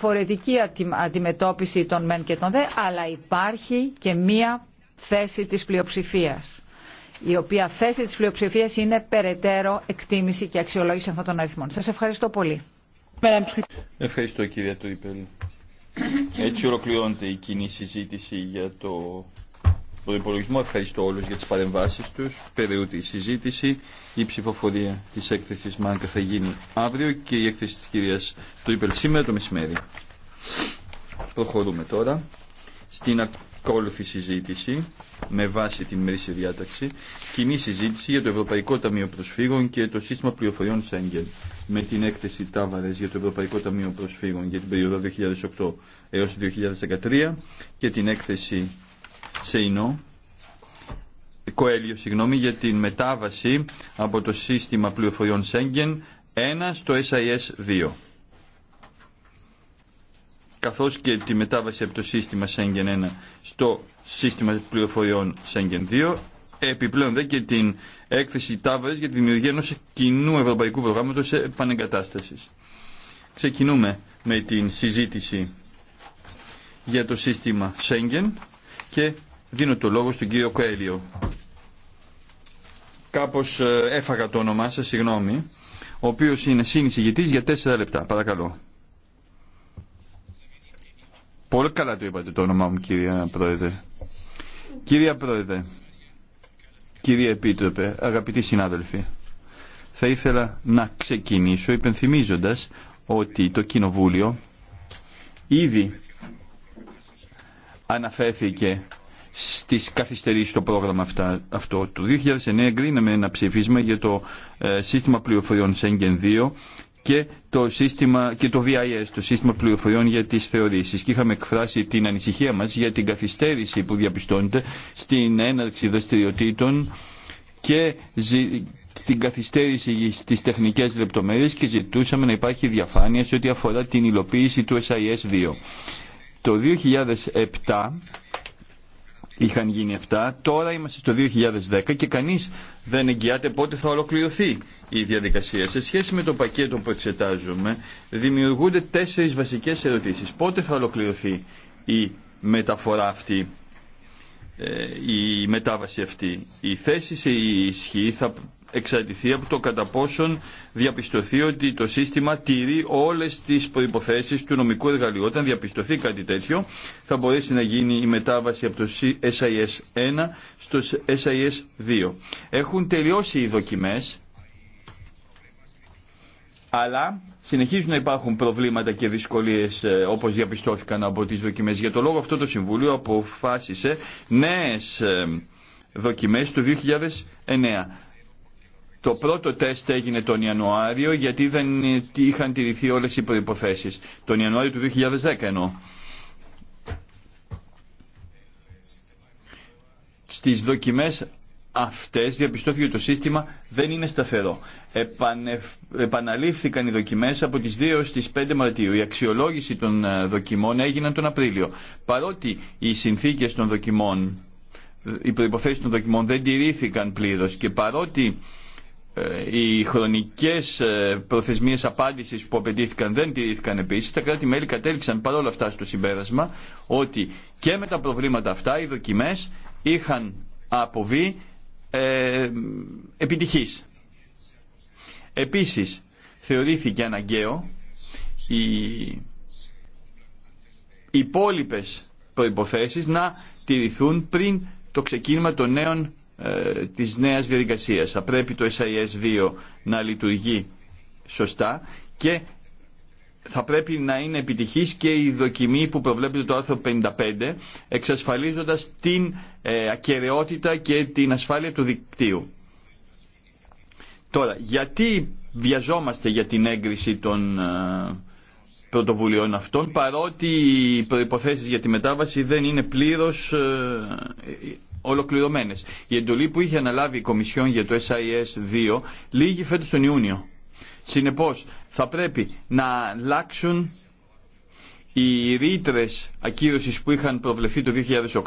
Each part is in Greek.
διαφορετική αντιμετώπιση των μεν και των δε, αλλά υπάρχει και μία θέση της πλειοψηφίας, η οποία θέση της πλειοψηφίας είναι περαιτέρω εκτίμηση και αξιολόγηση αυτών των αριθμών. Σας ευχαριστώ πολύ. Ευχαριστώ κυρία Τουρίπελη. Έτσι ολοκληρώνεται η κοινή συζήτηση για το προπολογισμό. Ευχαριστώ όλου για τις παρεμβάσεις τους. Περαιούτη η συζήτηση. Η ψηφοφορία τη έκθεση Μάνκα θα γίνει αύριο και η έκθεση τη κυρίας Τρίπελ σήμερα το μεσημέρι. Προχωρούμε τώρα στην ακόλουθη συζήτηση με βάση την μερίση διάταξη κοινή συζήτηση για το Ευρωπαϊκό Ταμείο Προσφύγων και το σύστημα πληροφοριών Σέγγεν με την έκθεση Τάβαρες για το Ευρωπαϊκό Ταμείο Προσφύγων για την περίοδο 2008 έως 2013 και την έκθεση Σεϊνό, Κοέλιο, συγγνώμη, για την μετάβαση από το σύστημα πληροφοριών Σέγγεν 1 στο SIS 2 καθώς και τη μετάβαση από το σύστημα Σέγγεν 1 στο σύστημα πληροφοριών Σέγγεν 2, επιπλέον δε και την έκθεση Τάβαρης για τη δημιουργία ενός κοινού ευρωπαϊκού προγράμματος επανεγκατάστασης. Ξεκινούμε με την συζήτηση για το σύστημα Σέγγεν και Δίνω το λόγο στον κύριο Κοέλιο. Κάπως ε, έφαγα το όνομά σας, συγγνώμη, ο οποίος είναι συνεισηγητής για τέσσερα λεπτά. Παρακαλώ. Πολύ καλά το είπατε το όνομά μου, κύριε Πρόεδρε. Κύριε Πρόεδρε, κύριε Επίτροπε, αγαπητοί συνάδελφοι, θα ήθελα να ξεκινήσω υπενθυμίζοντας ότι το Κοινοβούλιο ήδη αναφέρθηκε στι καθυστερήσει στο πρόγραμμα αυτά, αυτό. Το 2009 εγκρίναμε ένα ψήφισμα για το ε, σύστημα πληροφοριών Schengen 2 και το, σύστημα, και το VIS, το σύστημα πληροφοριών για τις θεωρήσεις. Και είχαμε εκφράσει την ανησυχία μας για την καθυστέρηση που διαπιστώνεται στην έναρξη δραστηριοτήτων και στην καθυστέρηση στις τεχνικές λεπτομέρειες και ζητούσαμε να υπάρχει διαφάνεια σε ό,τι αφορά την υλοποίηση του SIS 2. Το 2007 είχαν γίνει αυτά. Τώρα είμαστε στο 2010 και κανείς δεν εγγυάται πότε θα ολοκληρωθεί η διαδικασία. Σε σχέση με το πακέτο που εξετάζουμε, δημιουργούνται τέσσερις βασικές ερωτήσεις. Πότε θα ολοκληρωθεί η μεταφορά αυτή, ε, η μετάβαση αυτή. Η θέση σε ισχύ θα εξαρτηθεί από το κατά πόσον διαπιστωθεί ότι το σύστημα τηρεί όλες τις προϋποθέσεις του νομικού εργαλείου. Όταν διαπιστωθεί κάτι τέτοιο θα μπορέσει να γίνει η μετάβαση από το SIS-1 στο SIS-2. Έχουν τελειώσει οι δοκιμές αλλά συνεχίζουν να υπάρχουν προβλήματα και δυσκολίες ε, όπως διαπιστώθηκαν από τις δοκιμές. Για το λόγο αυτό το Συμβούλιο αποφάσισε νέες ε, δοκιμές του 2009. Το πρώτο τεστ έγινε τον Ιανουάριο γιατί δεν είχαν τηρηθεί όλες οι προϋποθέσεις. Τον Ιανουάριο του 2010 εννοώ. Στις δοκιμές αυτές διαπιστώθηκε ότι το σύστημα δεν είναι σταθερό. Επανε... Επαναλήφθηκαν οι δοκιμές από τις 2 στις 5 Μαρτίου. Η αξιολόγηση των ε, δοκιμών έγιναν τον Απρίλιο. Παρότι οι συνθήκες των δοκιμών, ε, οι προϋποθέσεις των δοκιμών δεν τηρήθηκαν πλήρως και παρότι ε, οι χρονικές ε, προθεσμίες απάντηση που απαιτήθηκαν δεν τηρήθηκαν επίση. Τα κράτη-μέλη κατέληξαν παρόλα αυτά στο συμπέρασμα ότι και με τα προβλήματα αυτά οι δοκιμές είχαν αποβεί ε, επιτυχής. Επίσης θεωρήθηκε αναγκαίο οι υπόλοιπε προποθέσει να τηρηθούν πριν το ξεκίνημα των νέων ε, της νέας διαδικασίας. Θα πρέπει το SIS2 να λειτουργεί σωστά και θα πρέπει να είναι επιτυχής και η δοκιμή που προβλέπει το άρθρο 55 εξασφαλίζοντας την ε, ακαιρεότητα και την ασφάλεια του δικτύου. Τώρα, γιατί βιαζόμαστε για την έγκριση των ε, πρωτοβουλειών αυτών παρότι οι προϋποθέσεις για τη μετάβαση δεν είναι πλήρως ολοκληρωμένες. Η εντολή που είχε αναλάβει η Κομισιόν για το SIS-2 λήγει φέτος τον Ιούνιο. Συνεπώς θα πρέπει να αλλάξουν οι ρήτρε ακύρωσης που είχαν προβλεφθεί το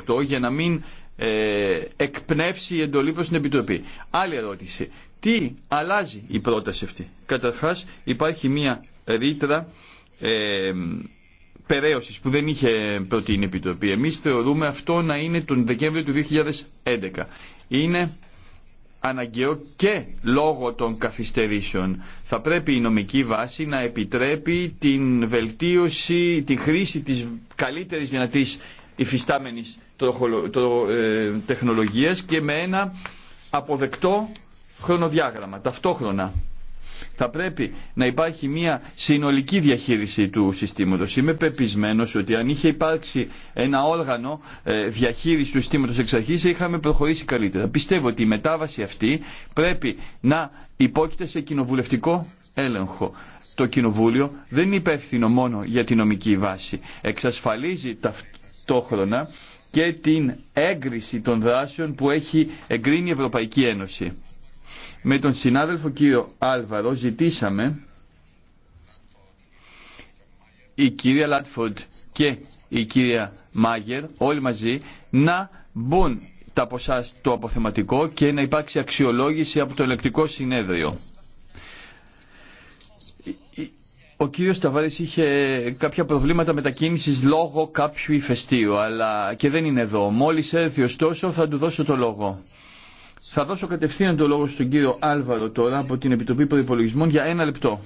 2008 για να μην ε, εκπνεύσει η εντολή προς την Επιτροπή. Άλλη ερώτηση. Τι αλλάζει η πρόταση αυτή. Καταρχάς υπάρχει μια ρήτρα ε, που δεν είχε προτείνει η Επιτροπή. Εμείς θεωρούμε αυτό να είναι τον Δεκέμβριο του 2011. Είναι αναγκαίο και λόγω των καθυστερήσεων. Θα πρέπει η νομική βάση να επιτρέπει την βελτίωση, τη χρήση της καλύτερης δυνατής υφιστάμενης ε, τεχνολογίας και με ένα αποδεκτό χρονοδιάγραμμα ταυτόχρονα. Θα πρέπει να υπάρχει μια συνολική διαχείριση του συστήματος. Είμαι πεπισμένος ότι αν είχε υπάρξει ένα όργανο ε, διαχείριση του συστήματος εξ αρχής είχαμε προχωρήσει καλύτερα. Πιστεύω ότι η μετάβαση αυτή πρέπει να υπόκειται σε κοινοβουλευτικό έλεγχο. Το Κοινοβούλιο δεν είναι υπεύθυνο μόνο για τη νομική βάση. Εξασφαλίζει ταυτόχρονα και την έγκριση των δράσεων που έχει εγκρίνει η Ευρωπαϊκή Ένωση. Με τον συνάδελφο κύριο Άλβαρο ζητήσαμε η κυρία Λάτφορντ και η κυρία Μάγερ όλοι μαζί να μπουν τα ποσά στο αποθεματικό και να υπάρξει αξιολόγηση από το ελεκτικό συνέδριο. Ο κύριος Σταβάρης είχε κάποια προβλήματα μετακίνησης λόγω κάποιου ηφαιστείου αλλά και δεν είναι εδώ. Μόλις έρθει ωστόσο θα του δώσω το λόγο. Θα δώσω κατευθείαν το λόγο στον κύριο Άλβαρο τώρα από την Επιτροπή Προπολογισμών για ένα λεπτό.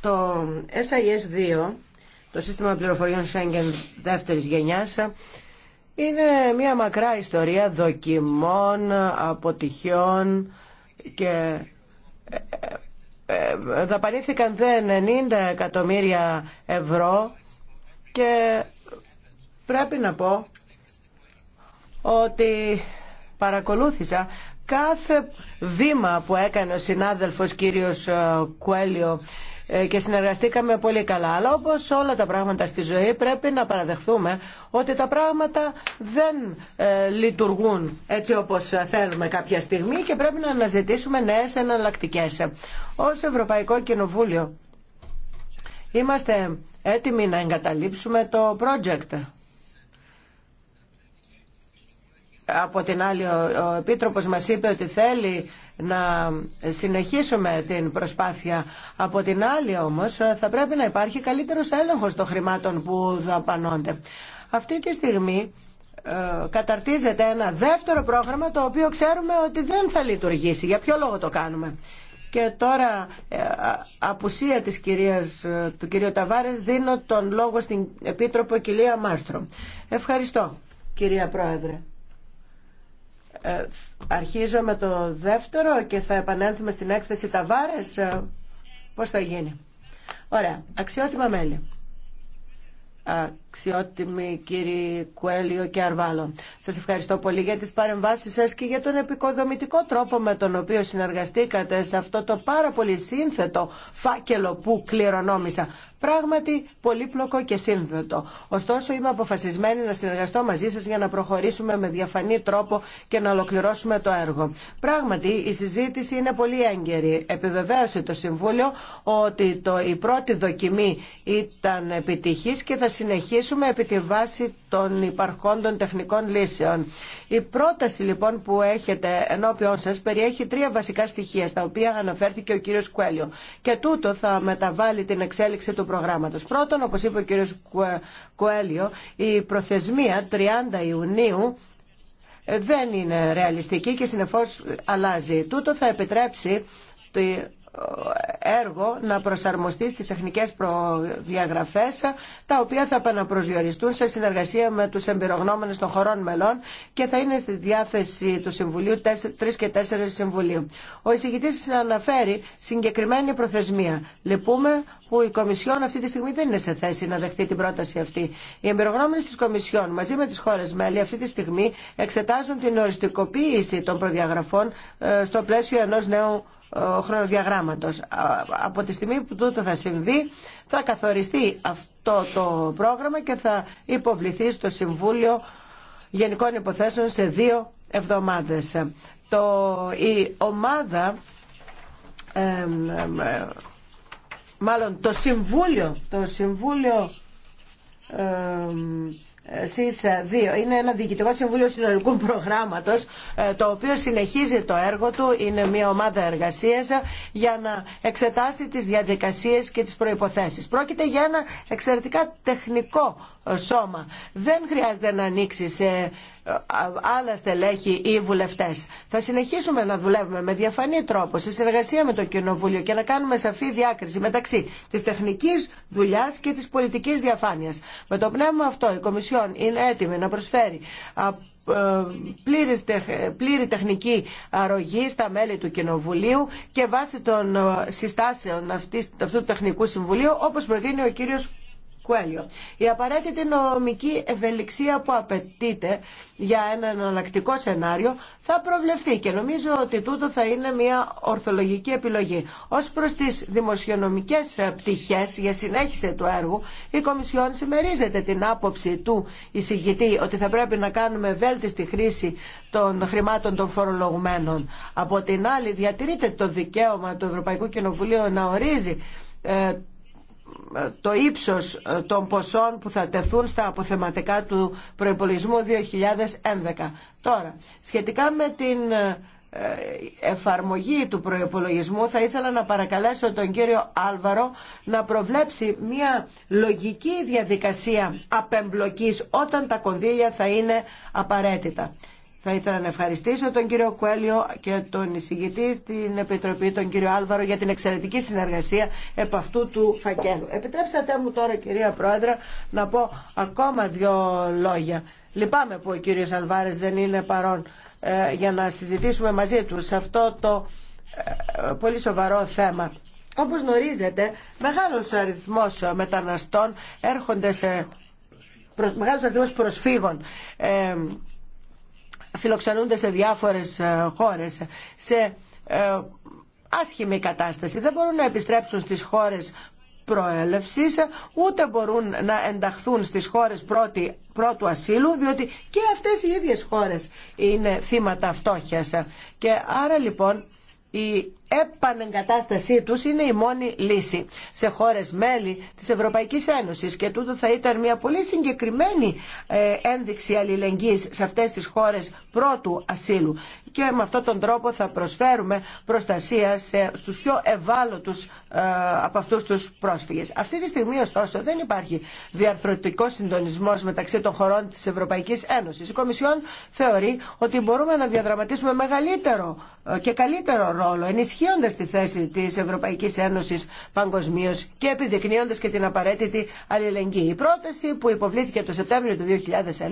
Το SIS 2, το σύστημα πληροφοριών Schengen δεύτερης γενιάς, είναι μια μακρά ιστορία δοκιμών, αποτυχιών και ε, ε, ε, δαπανήθηκαν δεν 90 εκατομμύρια ευρώ και πρέπει να πω ότι παρακολούθησα κάθε βήμα που έκανε ο συνάδελφος κύριος ε, Κουέλιο ε, και συνεργαστήκαμε πολύ καλά. Αλλά όπως όλα τα πράγματα στη ζωή πρέπει να παραδεχθούμε ότι τα πράγματα δεν ε, λειτουργούν έτσι όπως θέλουμε κάποια στιγμή και πρέπει να αναζητήσουμε νέες εναλλακτικέ. Ως Ευρωπαϊκό Κοινοβούλιο είμαστε έτοιμοι να εγκαταλείψουμε το project Από την άλλη, ο Επίτροπος μας είπε ότι θέλει να συνεχίσουμε την προσπάθεια. Από την άλλη, όμως, θα πρέπει να υπάρχει καλύτερος έλεγχος των χρημάτων που δαπανώνται. Αυτή τη στιγμή ε, καταρτίζεται ένα δεύτερο πρόγραμμα το οποίο ξέρουμε ότι δεν θα λειτουργήσει. Για ποιο λόγο το κάνουμε. Και τώρα, ε, απουσία της κυρίας, ε, του κυρίου Ταβάρες, δίνω τον λόγο στην Επίτροπο κυρία Μάστρο. Ευχαριστώ, κυρία Πρόεδρε. Ε, αρχίζω με το δεύτερο και θα επανέλθουμε στην έκθεση Ταβάρες. Ε, πώς θα γίνει. Ωραία. Αξιότιμα μέλη αξιότιμοι κύριοι Κουέλιο και Αρβάλλον. Σας ευχαριστώ πολύ για τις παρεμβάσεις σας και για τον επικοδομητικό τρόπο με τον οποίο συνεργαστήκατε σε αυτό το πάρα πολύ σύνθετο φάκελο που κληρονόμησα. Πράγματι πολύπλοκο και σύνθετο. Ωστόσο είμαι αποφασισμένη να συνεργαστώ μαζί σας για να προχωρήσουμε με διαφανή τρόπο και να ολοκληρώσουμε το έργο. Πράγματι η συζήτηση είναι πολύ έγκαιρη. Επιβεβαίωσε το Συμβούλιο ότι το, η πρώτη δοκιμή ήταν επιτυχής και θα συνεχίσει συζητήσουμε επί τη βάση των υπαρχόντων τεχνικών λύσεων. Η πρόταση λοιπόν που έχετε ενώπιόν σας περιέχει τρία βασικά στοιχεία στα οποία αναφέρθηκε ο κύριος Κουέλιο και τούτο θα μεταβάλει την εξέλιξη του προγράμματος. Πρώτον, όπως είπε ο κύριος Κουέλιο, η προθεσμία 30 Ιουνίου δεν είναι ρεαλιστική και συνεφώς αλλάζει. Τούτο θα επιτρέψει έργο να προσαρμοστεί στις τεχνικές προδιαγραφές τα οποία θα επαναπροσδιοριστούν σε συνεργασία με τους εμπειρογνώμενες των χωρών μελών και θα είναι στη διάθεση του Συμβουλίου 3 και 4 Συμβουλίου. Ο εισηγητής αναφέρει συγκεκριμένη προθεσμία. Λυπούμε που η Κομισιόν αυτή τη στιγμή δεν είναι σε θέση να δεχτεί την πρόταση αυτή. Οι εμπειρογνώμενες της Κομισιόν μαζί με τις χώρες μέλη αυτή τη στιγμή εξετάζουν την οριστικοποίηση των προδιαγραφών ε, στο πλαίσιο ενός νέου χρονοδιαγράμματος. Από τη στιγμή που τούτο θα συμβεί θα καθοριστεί αυτό το πρόγραμμα και θα υποβληθεί στο Συμβούλιο Γενικών Υποθέσεων σε δύο εβδομάδες. Το, η ομάδα, μάλλον το Συμβούλιο, το Συμβούλιο δύο. είναι ένα διοικητικό συμβούλιο συνολικού προγράμματο, ε, το οποίο συνεχίζει το έργο του, είναι μια ομάδα εργασία, για να εξετάσει τι διαδικασίες και τις προϋποθέσεις. Πρόκειται για ένα εξαιρετικά τεχνικό σώμα. Δεν χρειάζεται να ανοίξει σε άλλα στελέχη ή βουλευτέ. Θα συνεχίσουμε να δουλεύουμε με διαφανή τρόπο σε συνεργασία με το Κοινοβούλιο και να κάνουμε σαφή διάκριση μεταξύ τη τεχνικής δουλειά και τη πολιτική διαφάνεια. Με το πνεύμα αυτό η Κομισιόν είναι έτοιμη να προσφέρει ε, ε, πλήρη τεχνική αρρωγή στα μέλη του Κοινοβουλίου και βάσει των ε, συστάσεων αυτού του Τεχνικού Συμβουλίου όπως προτείνει ο κύριος Κουέλιο. Η απαραίτητη νομική ευελιξία που απαιτείται για ένα εναλλακτικό σενάριο θα προβλεφθεί και νομίζω ότι τούτο θα είναι μια ορθολογική επιλογή. Ω προ τι δημοσιονομικέ ε, πτυχέ, για συνέχιση του έργου, η Κομισιόν συμμερίζεται την άποψη του εισηγητή ότι θα πρέπει να κάνουμε βέλτιστη χρήση των χρημάτων των φορολογουμένων. Από την άλλη διατηρείται το δικαίωμα του Ευρωπαϊκού Κοινοβουλίου να ορίζει ε, το ύψος ε, των ποσών που θα τεθούν στα αποθεματικά του προϋπολισμού 2011. Τώρα, σχετικά με την ε, εφαρμογή του προϋπολογισμού θα ήθελα να παρακαλέσω τον κύριο Άλβαρο να προβλέψει μια λογική διαδικασία απεμπλοκής όταν τα κονδύλια θα είναι απαραίτητα. Θα ήθελα να ευχαριστήσω τον κύριο Κουέλιο και τον εισηγητή στην Επιτροπή, τον κύριο Άλβαρο, για την εξαιρετική συνεργασία επ' αυτού του φακέλου. Επιτρέψατε μου τώρα, κυρία Πρόεδρε, να πω ακόμα δύο λόγια. Λυπάμαι που ο κύριος Αλβάρε δεν είναι παρόν ε, για να συζητήσουμε μαζί του σε αυτό το ε, πολύ σοβαρό θέμα. Όπω γνωρίζετε, μεγάλο αριθμό μεταναστών έρχονται σε... μεγάλο αριθμό προσφύγων ε, φιλοξενούνται σε διάφορες ε, χώρες, σε ε, άσχημη κατάσταση. Δεν μπορούν να επιστρέψουν στις χώρες προέλευσης, ούτε μπορούν να ενταχθούν στις χώρες πρώτου ασύλου, διότι και αυτές οι ίδιες χώρες είναι θύματα φτώχειας. Και άρα λοιπόν η επανεγκατάστασή του είναι η μόνη λύση σε χώρες μέλη της Ευρωπαϊκή Ένωση και τούτο θα ήταν μια πολύ συγκεκριμένη ε, ένδειξη αλληλεγγύη σε αυτές τι χώρες πρώτου ασύλου και με αυτόν τον τρόπο θα προσφέρουμε προστασία σε, στους πιο ευάλωτους ε, από αυτούς τους πρόσφυγες. Αυτή τη στιγμή ωστόσο δεν υπάρχει διαρθρωτικό συντονισμός μεταξύ των χωρών της Ευρωπαϊκής Ένωσης. Η Κομισιόν θεωρεί ότι μπορούμε να διαδραματίσουμε μεγαλύτερο ε, και καλύτερο ρόλο ενισχύοντας τη θέση της Ευρωπαϊκής Ένωσης παγκοσμίω και επιδεικνύοντας και την απαραίτητη αλληλεγγύη. Η πρόταση που υποβλήθηκε το Σεπτέμβριο του 2009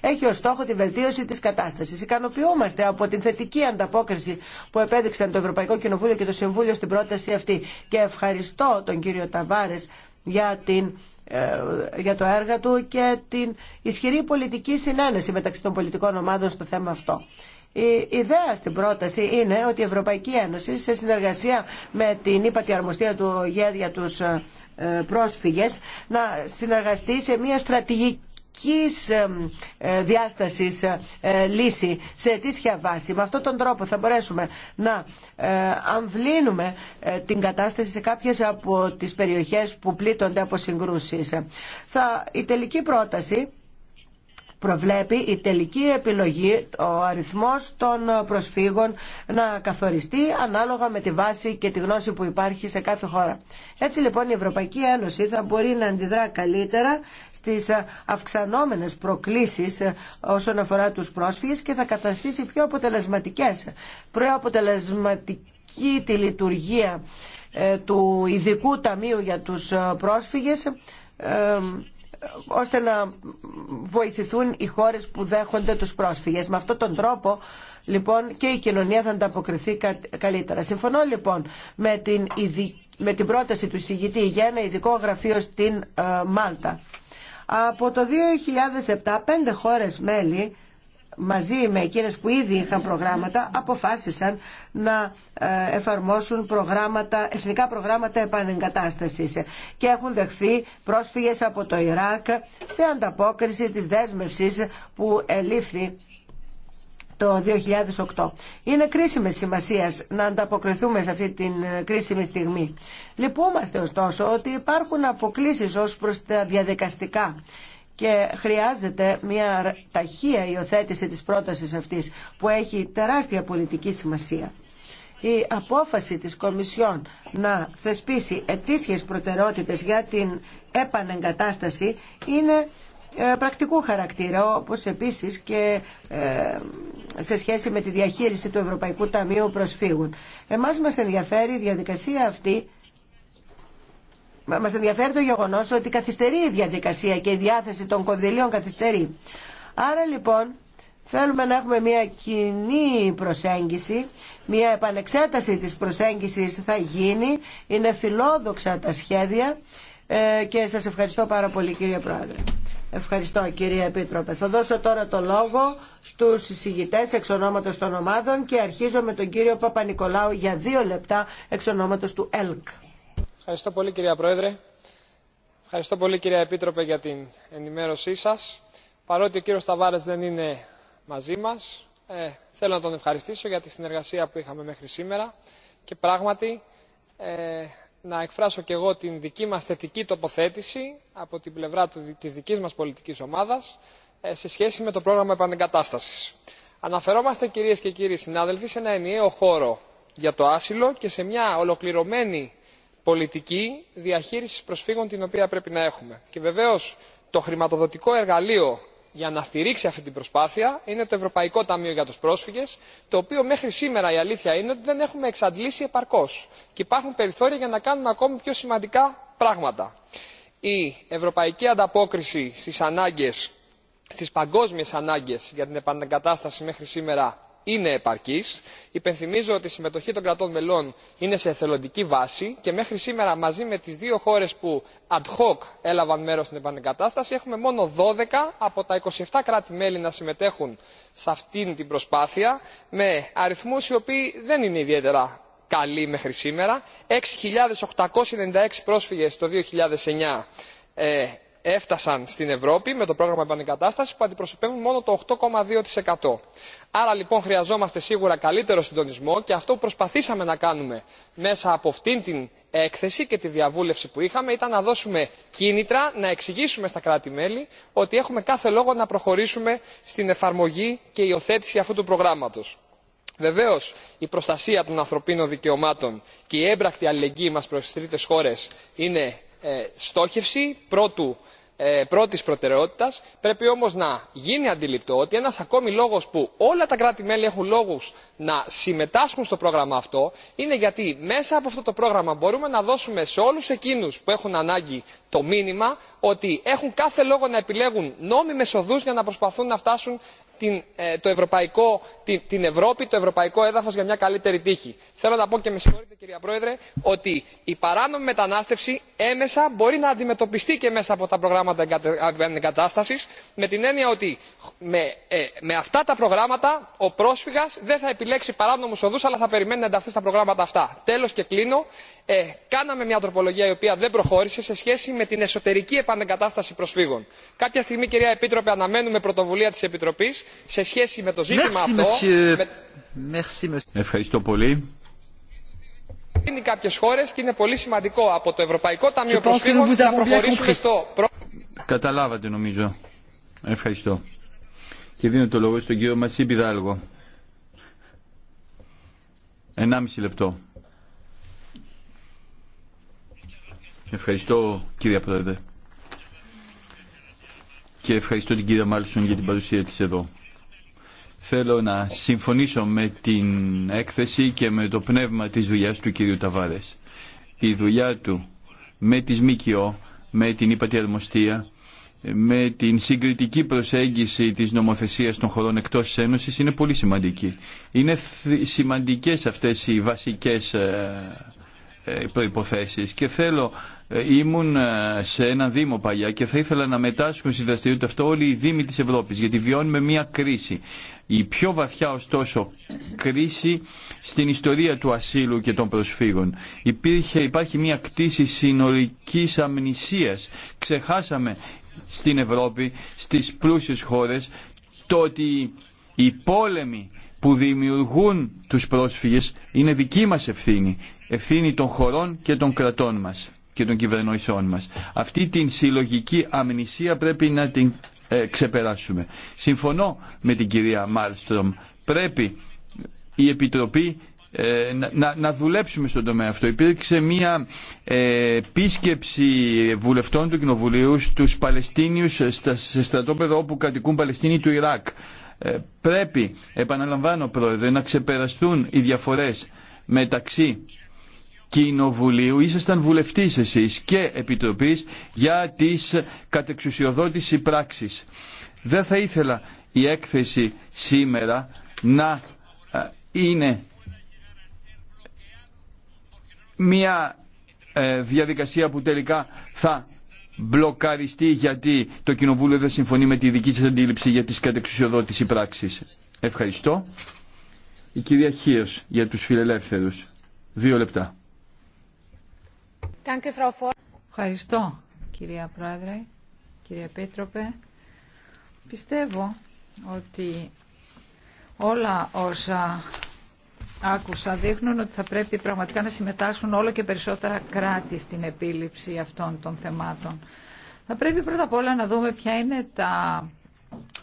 έχει ως στόχο τη βελτίωση της κατάστασης. Ικανοποιούμαστε από τη την θετική ανταπόκριση που επέδειξαν το Ευρωπαϊκό Κοινοβούλιο και το Συμβούλιο στην πρόταση αυτή. Και ευχαριστώ τον κύριο Ταβάρες για, την, ε, για το έργο του και την ισχυρή πολιτική συνένεση μεταξύ των πολιτικών ομάδων στο θέμα αυτό. Η ιδέα στην πρόταση είναι ότι η Ευρωπαϊκή Ένωση σε συνεργασία με την ύπατη αρμοστία του ΓΕ για τους ε, ε, πρόσφυγες να συνεργαστεί σε μια στρατηγική ε, διάστασης ε, ε, λύση σε αιτήσια βάση. Με αυτόν τον τρόπο θα μπορέσουμε να αμβλύνουμε την κατάσταση σε κάποιες από τις περιοχές που πλήττονται από συγκρούσεις. Θα, η τελική πρόταση προβλέπει η τελική επιλογή, ο αριθμός των προσφύγων να καθοριστεί ανάλογα με τη βάση και τη γνώση που υπάρχει σε κάθε χώρα. Έτσι λοιπόν η Ευρωπαϊκή Ένωση θα μπορεί να αντιδρά καλύτερα τις αυξανόμενες προκλήσεις ε, όσον αφορά τους πρόσφυγες και θα καταστήσει πιο αποτελεσματικές, Προεποτελεσματική τη λειτουργία ε, του Ειδικού Ταμείου για τους ε, πρόσφυγες ώστε να βοηθηθούν οι χώρες που δέχονται τους πρόσφυγες. Με αυτόν τον τρόπο λοιπόν και η κοινωνία θα ανταποκριθεί καλύτερα. Συμφωνώ λοιπόν με την, με την πρόταση του συγητή για ένα ειδικό γραφείο στην Μάλτα. Από το 2007 πέντε χώρες μέλη μαζί με εκείνες που ήδη είχαν προγράμματα αποφάσισαν να ε, εφαρμόσουν προγράμματα, εθνικά προγράμματα επανεγκατάστασης και έχουν δεχθεί πρόσφυγες από το Ιράκ σε ανταπόκριση της δέσμευσης που ελήφθη το 2008. Είναι κρίσιμη σημασία να ανταποκριθούμε σε αυτή την ε, κρίσιμη στιγμή. Λυπούμαστε ωστόσο ότι υπάρχουν αποκλήσεις ως προς τα διαδικαστικά και χρειάζεται μια ταχεία υιοθέτηση της πρότασης αυτής που έχει τεράστια πολιτική σημασία. Η απόφαση της Κομισιόν να θεσπίσει ετήσιες προτεραιότητες για την επανεγκατάσταση είναι ε, πρακτικού χαρακτήρα, όπως επίσης και ε, σε σχέση με τη διαχείριση του Ευρωπαϊκού Ταμείου Προσφύγων. Εμάς μας ενδιαφέρει η διαδικασία αυτή μας ενδιαφέρει το γεγονός ότι καθυστερεί η διαδικασία και η διάθεση των κονδυλίων καθυστερεί. Άρα λοιπόν θέλουμε να έχουμε μια κοινή προσέγγιση, μια επανεξέταση της προσέγγισης θα γίνει, είναι φιλόδοξα τα σχέδια ε, και σας ευχαριστώ πάρα πολύ κύριε Πρόεδρε. Ευχαριστώ κυρία Επίτροπε. Θα δώσω τώρα το λόγο στους συζητητές εξ ονόματος των ομάδων και αρχίζω με τον κύριο Παπα-Νικολάου για δύο λεπτά εξ ονόματος του ΕΛΚ. Ευχαριστώ πολύ κυρία Πρόεδρε. Ευχαριστώ πολύ κυρία Επίτροπε για την ενημέρωσή σας. Παρότι ο κύριος Σταβάρες δεν είναι μαζί μας, ε, θέλω να τον ευχαριστήσω για τη συνεργασία που είχαμε μέχρι σήμερα και πράγματι ε, να εκφράσω και εγώ την δική μας θετική τοποθέτηση από την πλευρά της δικής μας πολιτικής ομάδας ε, σε σχέση με το πρόγραμμα επανεγκατάστασης. Αναφερόμαστε κυρίες και κύριοι συνάδελφοι σε ένα ενιαίο χώρο για το άσυλο και σε μια ολοκληρωμένη πολιτική διαχείρισης προσφύγων την οποία πρέπει να έχουμε. Και βεβαίως το χρηματοδοτικό εργαλείο για να στηρίξει αυτή την προσπάθεια είναι το ευρωπαϊκό ταμείο για τους πρόσφυγες το οποίο μέχρι σήμερα η αλήθεια είναι ότι δεν έχουμε εξαντλήσει επαρκώς και υπάρχουν περιθώρια για να κάνουμε ακόμη πιο σημαντικά πράγματα. η ευρωπαϊκή ανταπόκριση στις παγκόσμιες ανάγκες για την επανεγκατάσταση μέχρι σήμερα είναι επαρκή. υπενθυμίζω ότι η συμμετοχή των κρατών μελών είναι σε εθελοντική βάση και μέχρι σήμερα μαζί με τις δύο χώρες που ad hoc έλαβαν μέρος στην επανεγκατάσταση έχουμε μόνο δώδεκα από τα 27 κράτη μέλη να συμμετέχουν σε αυτή την προσπάθεια με αριθμού οι οποίοι δεν είναι ιδιαίτερα καλοί μέχρι σήμερα έξι έξι πρόσφυγες το 2009 έφτασαν στην Ευρώπη με το πρόγραμμα επανεγκατάστασης που αντιπροσωπεύουν μόνο το 8,2%. Άρα λοιπόν χρειαζόμαστε σίγουρα καλύτερο συντονισμό και αυτό που προσπαθήσαμε να κάνουμε μέσα από αυτήν την έκθεση και τη διαβούλευση που είχαμε ήταν να δώσουμε κίνητρα, να εξηγήσουμε στα κράτη-μέλη ότι έχουμε κάθε λόγο να προχωρήσουμε στην εφαρμογή και υιοθέτηση αυτού του προγράμματος. Βεβαίω, η προστασία των ανθρωπίνων δικαιωμάτων και η έμπρακτη αλληλεγγύη μα προ τι τρίτε χώρε είναι ε, στόχευση ε, πρώτης προτεραιότητας πρέπει όμως να γίνει αντιληπτό ότι ένας ακόμη λόγος που όλα τα κράτη μέλη έχουν λόγους να συμμετάσχουν στο πρόγραμμα αυτό είναι γιατί μέσα από αυτό το πρόγραμμα μπορούμε να δώσουμε σε όλους εκείνους που έχουν ανάγκη το μήνυμα ότι έχουν κάθε λόγο να επιλέγουν νόμιμες οδούς για να προσπαθούν να φτάσουν ε, την ευρώπη το ευρωπαϊκό έδαφος για μια καλύτερη τύχη. θέλω να πω και με συγχωρείτε κυρία πρόεδρε ότι η παράνομη μετανάστευση έμεσα μπορεί να αντιμετωπιστεί και μέσα από τα προγράμματα επανεγκατάστασης με την έννοια ότι ε, με αυτά τα προγράμματα ο πρόσφυγας δεν θα επιλέξει παράνομους οδούς αλλά θα περιμένει να ενταχθεί στα προγράμματα αυτά. τέλος και κλείνω ε, κάναμε μια τροπολογία η οποία δεν προχώρησε σε σχέση με την εσωτερική επανεγκατάσταση προσφύγων. κάποια στιγμή κυρία επίτροπε αναμένουμε πρωτοβουλία της επιτροπής σε σχέση με το ζήτημα αυτό. Ευχαριστώ πολύ. Είναι κάποιες χώρες και είναι πολύ σημαντικό από το Ευρωπαϊκό Ταμείο Προσφύγων να προχωρήσουμε στο Καταλάβατε νομίζω. Ευχαριστώ. Και δίνω το λόγο στον κύριο Μασί Δάλγο. Ενάμιση λεπτό. Ευχαριστώ κύριε Πρόεδρε. Και ευχαριστώ την κυρία Μάλσον για την παρουσία της εδώ. Θέλω να συμφωνήσω με την έκθεση και με το πνεύμα της δουλειάς του κυρίου Ταβάρες. Η δουλειά του με τις ΜΚΟ, με την ΑΡΜΟΣΤΙΑ, με την συγκριτική προσέγγιση της νομοθεσίας των χωρών εκτός της Ένωσης είναι πολύ σημαντική. Είναι σημαντικές αυτές οι βασικές ε, ε, προϋποθέσεις και θέλω ε, ήμουν ε, σε ένα δήμο παλιά και θα ήθελα να μετάσχουν στη δραστηριότητα αυτό όλοι οι δήμοι της Ευρώπης γιατί βιώνουμε μια κρίση η πιο βαθιά ωστόσο κρίση στην ιστορία του ασύλου και των προσφύγων. Υπήρχε, υπάρχει μια κτίση συνολικής αμνησίας. Ξεχάσαμε στην Ευρώπη, στις πλούσιες χώρες, το ότι οι πόλεμοι που δημιουργούν τους πρόσφυγες είναι δική μας ευθύνη ευθύνη των χωρών και των κρατών μας και των κυβερνοϊσών μας. Αυτή την συλλογική αμνησία πρέπει να την ε, ξεπεράσουμε. Συμφωνώ με την κυρία Μάλστρομ. Πρέπει η Επιτροπή ε, να, να δουλέψουμε στον τομέα αυτό. Υπήρξε μια πίσκεψη επίσκεψη βουλευτών του Κοινοβουλίου στους Παλαιστίνιους στα, σε στρατόπεδο όπου κατοικούν Παλαιστίνοι του Ιράκ. Ε, πρέπει, επαναλαμβάνω πρόεδρε, να ξεπεραστούν οι διαφορές μεταξύ Κοινοβουλίου, ήσασταν βουλευτής εσείς και Επιτροπής για τις κατεξουσιοδότηση πράξεις. Δεν θα ήθελα η έκθεση σήμερα να ε, είναι μια ε, διαδικασία που τελικά θα μπλοκαριστεί γιατί το Κοινοβούλιο δεν συμφωνεί με τη δική σας αντίληψη για τις κατεξουσιοδότηση πράξεις. Ευχαριστώ. Η κυρία Χίος για τους φιλελεύθερους. Δύο λεπτά. Ευχαριστώ κυρία Πρόεδρε, κυρία Πίτροπε. Πιστεύω ότι όλα όσα άκουσα δείχνουν ότι θα πρέπει πραγματικά να συμμετάσχουν όλο και περισσότερα κράτη στην επίληψη αυτών των θεμάτων. Θα πρέπει πρώτα απ' όλα να δούμε ποια είναι τα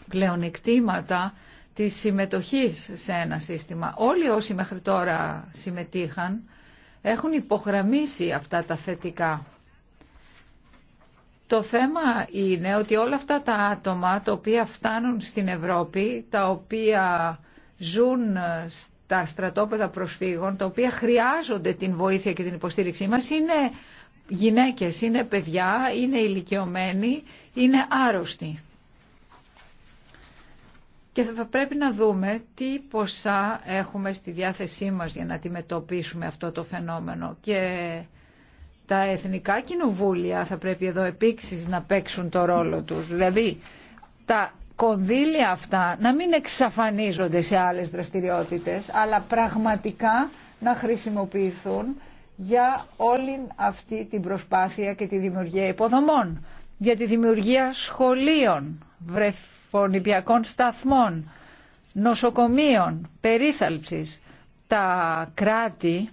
πλεονεκτήματα της συμμετοχής σε ένα σύστημα. Όλοι όσοι μέχρι τώρα συμμετείχαν έχουν υπογραμμίσει αυτά τα θετικά. Το θέμα είναι ότι όλα αυτά τα άτομα τα οποία φτάνουν στην Ευρώπη, τα οποία ζουν στα στρατόπεδα προσφύγων, τα οποία χρειάζονται την βοήθεια και την υποστήριξή μας, είναι γυναίκες, είναι παιδιά, είναι ηλικιωμένοι, είναι άρρωστοι και θα πρέπει να δούμε τι ποσά έχουμε στη διάθεσή μας για να αντιμετωπίσουμε αυτό το φαινόμενο. Και τα εθνικά κοινοβούλια θα πρέπει εδώ επίξης να παίξουν το ρόλο τους. Δηλαδή τα κονδύλια αυτά να μην εξαφανίζονται σε άλλες δραστηριότητες, αλλά πραγματικά να χρησιμοποιηθούν για όλη αυτή την προσπάθεια και τη δημιουργία υποδομών, για τη δημιουργία σχολείων, βρεφή. Φωνηπιακών σταθμών, νοσοκομείων, περίθαλψης. Τα κράτη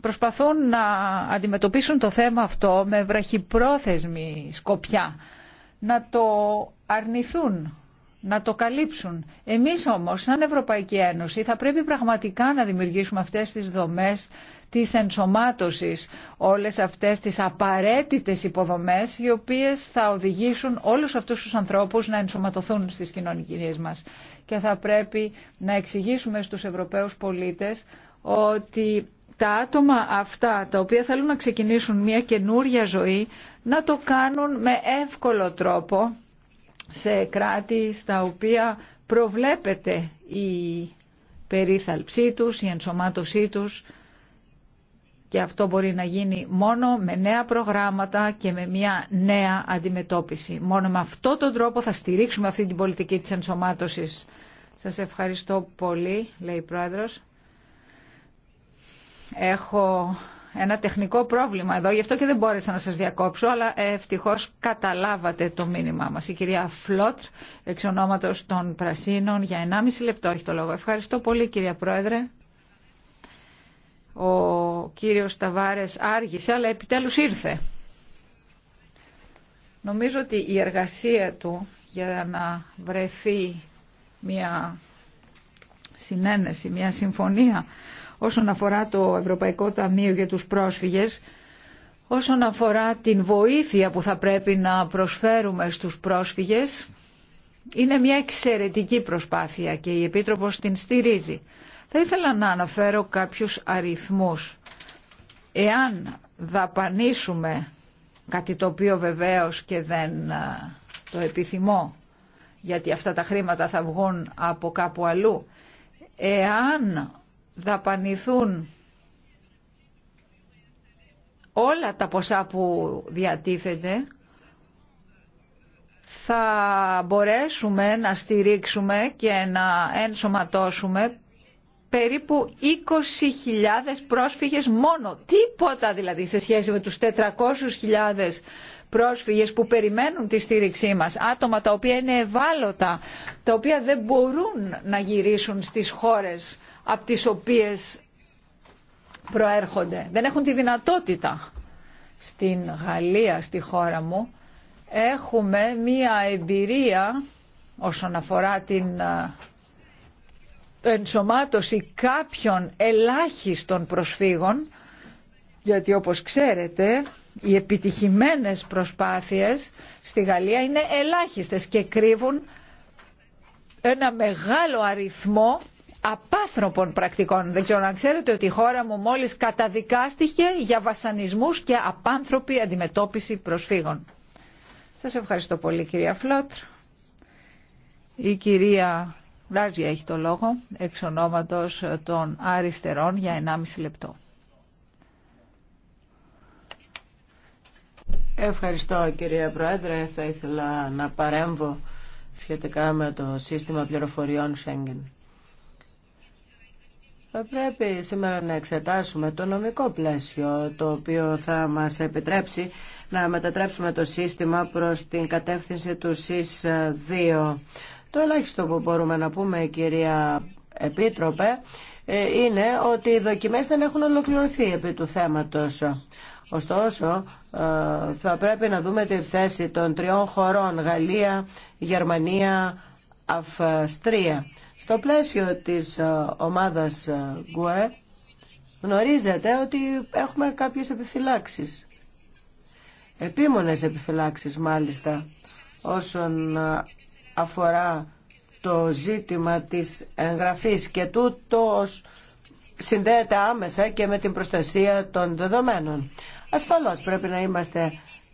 προσπαθούν να αντιμετωπίσουν το θέμα αυτό με βραχυπρόθεσμη σκοπιά, να το αρνηθούν, να το καλύψουν. Εμείς όμως, σαν Ευρωπαϊκή Ένωση, θα πρέπει πραγματικά να δημιουργήσουμε αυτές τις δομές της ενσωμάτωσης όλες αυτές τις απαραίτητες υποδομές οι οποίες θα οδηγήσουν όλους αυτούς τους ανθρώπους να ενσωματωθούν στις κοινωνικές μας. Και θα πρέπει να εξηγήσουμε στους Ευρωπαίους πολίτες ότι τα άτομα αυτά τα οποία θέλουν να ξεκινήσουν μια καινούρια ζωή να το κάνουν με εύκολο τρόπο σε κράτη στα οποία προβλέπεται η περίθαλψή τους, η ενσωμάτωσή τους και αυτό μπορεί να γίνει μόνο με νέα προγράμματα και με μια νέα αντιμετώπιση. Μόνο με αυτόν τον τρόπο θα στηρίξουμε αυτή την πολιτική της ενσωμάτωσης. Σας ευχαριστώ πολύ, λέει η Πρόεδρος. Έχω ένα τεχνικό πρόβλημα εδώ, γι' αυτό και δεν μπόρεσα να σας διακόψω, αλλά ευτυχώς καταλάβατε το μήνυμά μας. Η κυρία Φλότ, εξ ονόματος των Πρασίνων, για 1,5 λεπτό έχει το λόγο. Ευχαριστώ πολύ, κυρία Πρόεδρε. Ο κύριος Ταβάρες άργησε, αλλά επιτέλους ήρθε. Νομίζω ότι η εργασία του για να βρεθεί μια συνένεση, μια συμφωνία όσον αφορά το Ευρωπαϊκό Ταμείο για τους πρόσφυγες, όσον αφορά την βοήθεια που θα πρέπει να προσφέρουμε στους πρόσφυγες, είναι μια εξαιρετική προσπάθεια και η Επίτροπος την στηρίζει. Θα ήθελα να αναφέρω κάποιους αριθμούς. Εάν δαπανίσουμε κάτι το οποίο βεβαίως και δεν το επιθυμώ, γιατί αυτά τα χρήματα θα βγουν από κάπου αλλού, εάν δαπανηθούν όλα τα ποσά που διατίθεται, θα μπορέσουμε να στηρίξουμε και να ενσωματώσουμε περίπου 20.000 πρόσφυγες μόνο. Τίποτα δηλαδή σε σχέση με τους 400.000 πρόσφυγες που περιμένουν τη στήριξή μας, άτομα τα οποία είναι ευάλωτα, τα οποία δεν μπορούν να γυρίσουν στις χώρες από τις οποίες προέρχονται. Δεν έχουν τη δυνατότητα. Στην Γαλλία, στη χώρα μου, έχουμε μία εμπειρία όσον αφορά την ενσωμάτωση κάποιων ελάχιστων προσφύγων γιατί όπως ξέρετε οι επιτυχημένες προσπάθειες στη Γαλλία είναι ελάχιστες και κρύβουν ένα μεγάλο αριθμό απάνθρωπων πρακτικών. Δεν ξέρω να ξέρετε ότι η χώρα μου μόλις καταδικάστηκε για βασανισμούς και απάνθρωπη αντιμετώπιση προσφύγων. Σας ευχαριστώ πολύ κυρία Φλότρ. Η κυρία Βράζια έχει το λόγο, εξ ονόματος των αριστερών, για 1,5 λεπτό. Ευχαριστώ κυρία Πρόεδρε. Θα ήθελα να παρέμβω σχετικά με το σύστημα πληροφοριών Schengen. Θα πρέπει σήμερα να εξετάσουμε το νομικό πλαίσιο το οποίο θα μας επιτρέψει να μετατρέψουμε το σύστημα προς την κατεύθυνση του ΣΥΣ 2. Το ελάχιστο που μπορούμε να πούμε, κυρία Επίτροπε, ε, είναι ότι οι δοκιμές δεν έχουν ολοκληρωθεί επί του θέματος. Ωστόσο, ε, θα πρέπει να δούμε τη θέση των τριών χωρών, Γαλλία, Γερμανία, Αυστρία. Στο πλαίσιο της ε, ομάδας ΓΚΟΕ γνωρίζετε ότι έχουμε κάποιες επιφυλάξεις. Επίμονες επιφυλάξεις μάλιστα όσον αφορά το ζήτημα της εγγραφής και τούτο συνδέεται άμεσα και με την προστασία των δεδομένων. Ασφαλώς πρέπει να είμαστε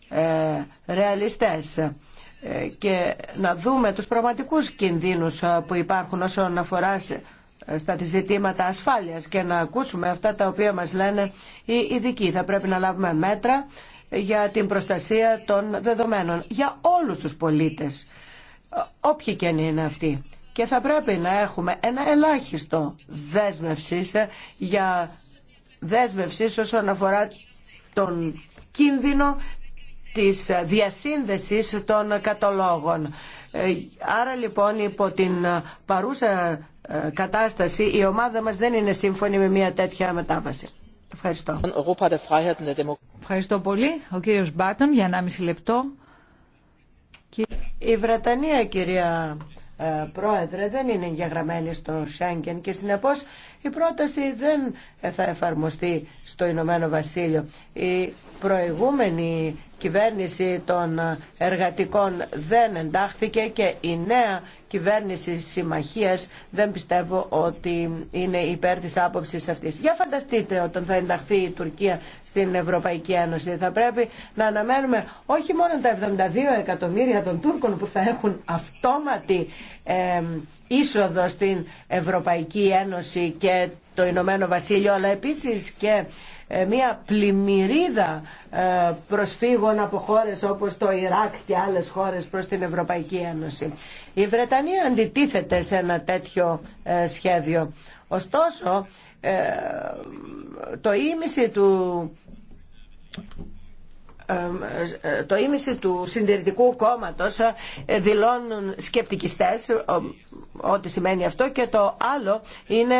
ε, ρεαλιστές ε, και να δούμε τους πραγματικούς κινδύνους ε, που υπάρχουν όσον αφορά στα ζητήματα ασφάλειας και να ακούσουμε αυτά τα οποία μας λένε οι ειδικοί. Θα πρέπει να λάβουμε μέτρα για την προστασία των δεδομένων για όλους τους πολίτες όποιοι και αν είναι αυτοί. Και θα πρέπει να έχουμε ένα ελάχιστο δέσμευση ε, για δέσμευση όσον αφορά τον κίνδυνο της διασύνδεσης των κατολόγων. Ε, άρα λοιπόν υπό την παρούσα ε, κατάσταση η ομάδα μας δεν είναι σύμφωνη με μια τέτοια μετάβαση. Ευχαριστώ. Ευχαριστώ πολύ. Ο κύριος Μπάτον για 1,5 λεπτό. Η Βρετανία, κυρία ε, Πρόεδρε, δεν είναι εγγεγραμμένη στο Σέγγεν και συνεπώς η πρόταση δεν θα εφαρμοστεί στο Ηνωμένο Βασίλειο. Η προηγούμενη κυβέρνηση των εργατικών δεν εντάχθηκε και η νέα κυβέρνηση συμμαχίας δεν πιστεύω ότι είναι υπέρ της άποψης αυτής. Για φανταστείτε όταν θα ενταχθεί η Τουρκία στην Ευρωπαϊκή Ένωση θα πρέπει να αναμένουμε όχι μόνο τα 72 εκατομμύρια των Τούρκων που θα έχουν αυτόματη είσοδο στην Ευρωπαϊκή Ένωση και το Ηνωμένο Βασίλειο αλλά επίσης και ε, μια πλημμυρίδα ε, προσφύγων από χώρες όπως το Ιράκ και άλλες χώρες προς την Ευρωπαϊκή Ένωση. Η Βρετανία αντιτίθεται σε ένα τέτοιο ε, σχέδιο. Ωστόσο, το ίμιση του ε, το ίμιση του συντηρητικού κόμματος ε, δηλώνουν σκεπτικιστές, ε, ό,τι σημαίνει αυτό, και το άλλο είναι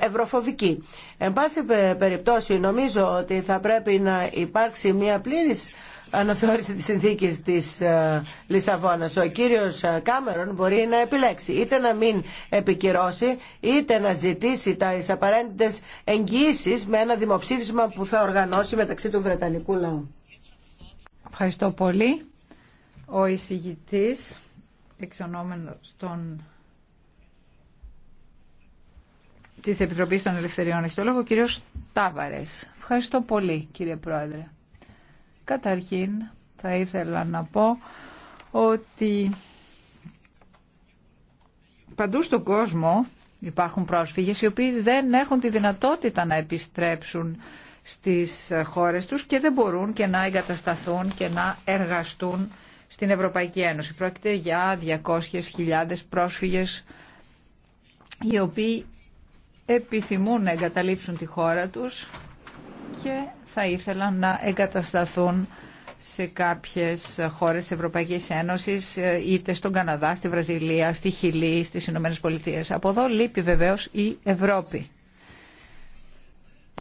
ευρωφοβική. Εν πάση περιπτώσει νομίζω ότι θα πρέπει να υπάρξει μια πλήρης αναθεώρηση της συνθήκης της Λισαβόνας. Ο κύριος Κάμερον μπορεί να επιλέξει είτε να μην επικυρώσει είτε να ζητήσει τα απαραίτητε εγγυήσεις με ένα δημοψήφισμα που θα οργανώσει μεταξύ του Βρετανικού λαού. Ευχαριστώ πολύ. Ο εισηγητής, εξονόμενος των... της Επιτροπής των Ελευθεριών, έχει το λόγο, ο κύριος Τάβαρες. Ευχαριστώ πολύ, κύριε Πρόεδρε. Καταρχήν, θα ήθελα να πω ότι παντού στον κόσμο υπάρχουν πρόσφυγες οι οποίοι δεν έχουν τη δυνατότητα να επιστρέψουν στις χώρες τους και δεν μπορούν και να εγκατασταθούν και να εργαστούν στην Ευρωπαϊκή Ένωση. Πρόκειται για 200.000 πρόσφυγες οι οποίοι επιθυμούν να εγκαταλείψουν τη χώρα τους και θα ήθελαν να εγκατασταθούν σε κάποιες χώρες της Ευρωπαϊκής Ένωσης, είτε στον Καναδά, στη Βραζιλία, στη Χιλή, στις Ηνωμένες Πολιτείες. Από εδώ λείπει βεβαίως η Ευρώπη.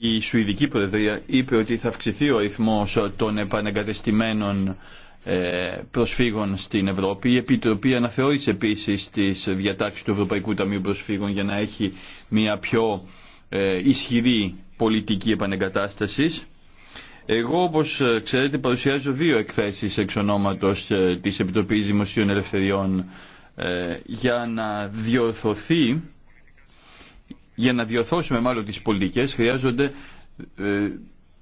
Η Σουηδική Προεδρία είπε ότι θα αυξηθεί ο αριθμός των επανεγκατεστημένων ε, προσφύγων στην Ευρώπη. Η Επιτροπή αναθεώρησε επίσης τις διατάξεις του Ευρωπαϊκού Ταμείου Προσφύγων για να έχει μια πιο ε, ισχυρή πολιτική επανεγκατάστασης. Εγώ, όπως ε, ξέρετε, παρουσιάζω δύο εκθέσεις εξ ονόματος της Επιτροπής Δημοσίων Ελευθεριών για να διορθωθεί για να διορθώσουμε μάλλον τις πολιτικές χρειάζονται ε,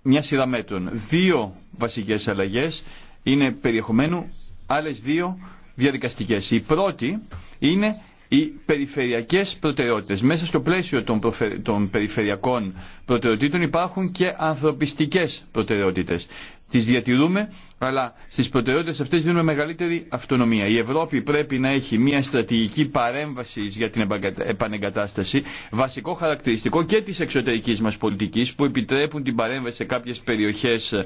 μια σειρά μέτρων. Δύο βασικές αλλαγές είναι περιεχομένου, άλλες δύο διαδικαστικές. Η πρώτη είναι οι περιφερειακές προτεραιότητες. Μέσα στο πλαίσιο των, των περιφερειακών προτεραιοτήτων υπάρχουν και ανθρωπιστικές προτεραιότητες. Τις διατηρούμε αλλά στις προτεραιότητες αυτές δίνουμε μεγαλύτερη αυτονομία. Η Ευρώπη πρέπει να έχει μια στρατηγική παρέμβαση για την επανεγκατάσταση, βασικό χαρακτηριστικό και της εξωτερικής μας πολιτικής που επιτρέπουν την παρέμβαση σε κάποιες περιοχές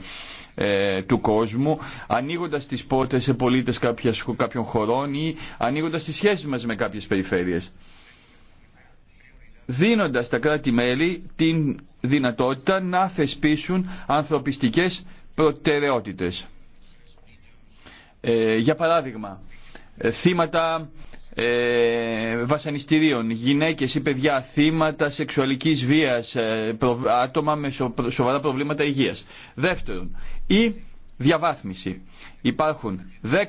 ε, του κόσμου, ανοίγοντας τις πόρτες σε πολίτες κάποιων χωρών ή ανοίγοντας τις σχέσεις μας με κάποιες περιφέρειες δίνοντας τα κράτη-μέλη την δυνατότητα να θεσπίσουν ανθρωπιστικές προτεραιότητες. Ε, για παράδειγμα, ε, θύματα ε, βασανιστήριων, γυναίκες ή παιδιά, θύματα σεξουαλικής βίας, άτομα με σοβαρά προβλήματα υγείας. Δεύτερον, η διαβάθμιση. Υπάρχουν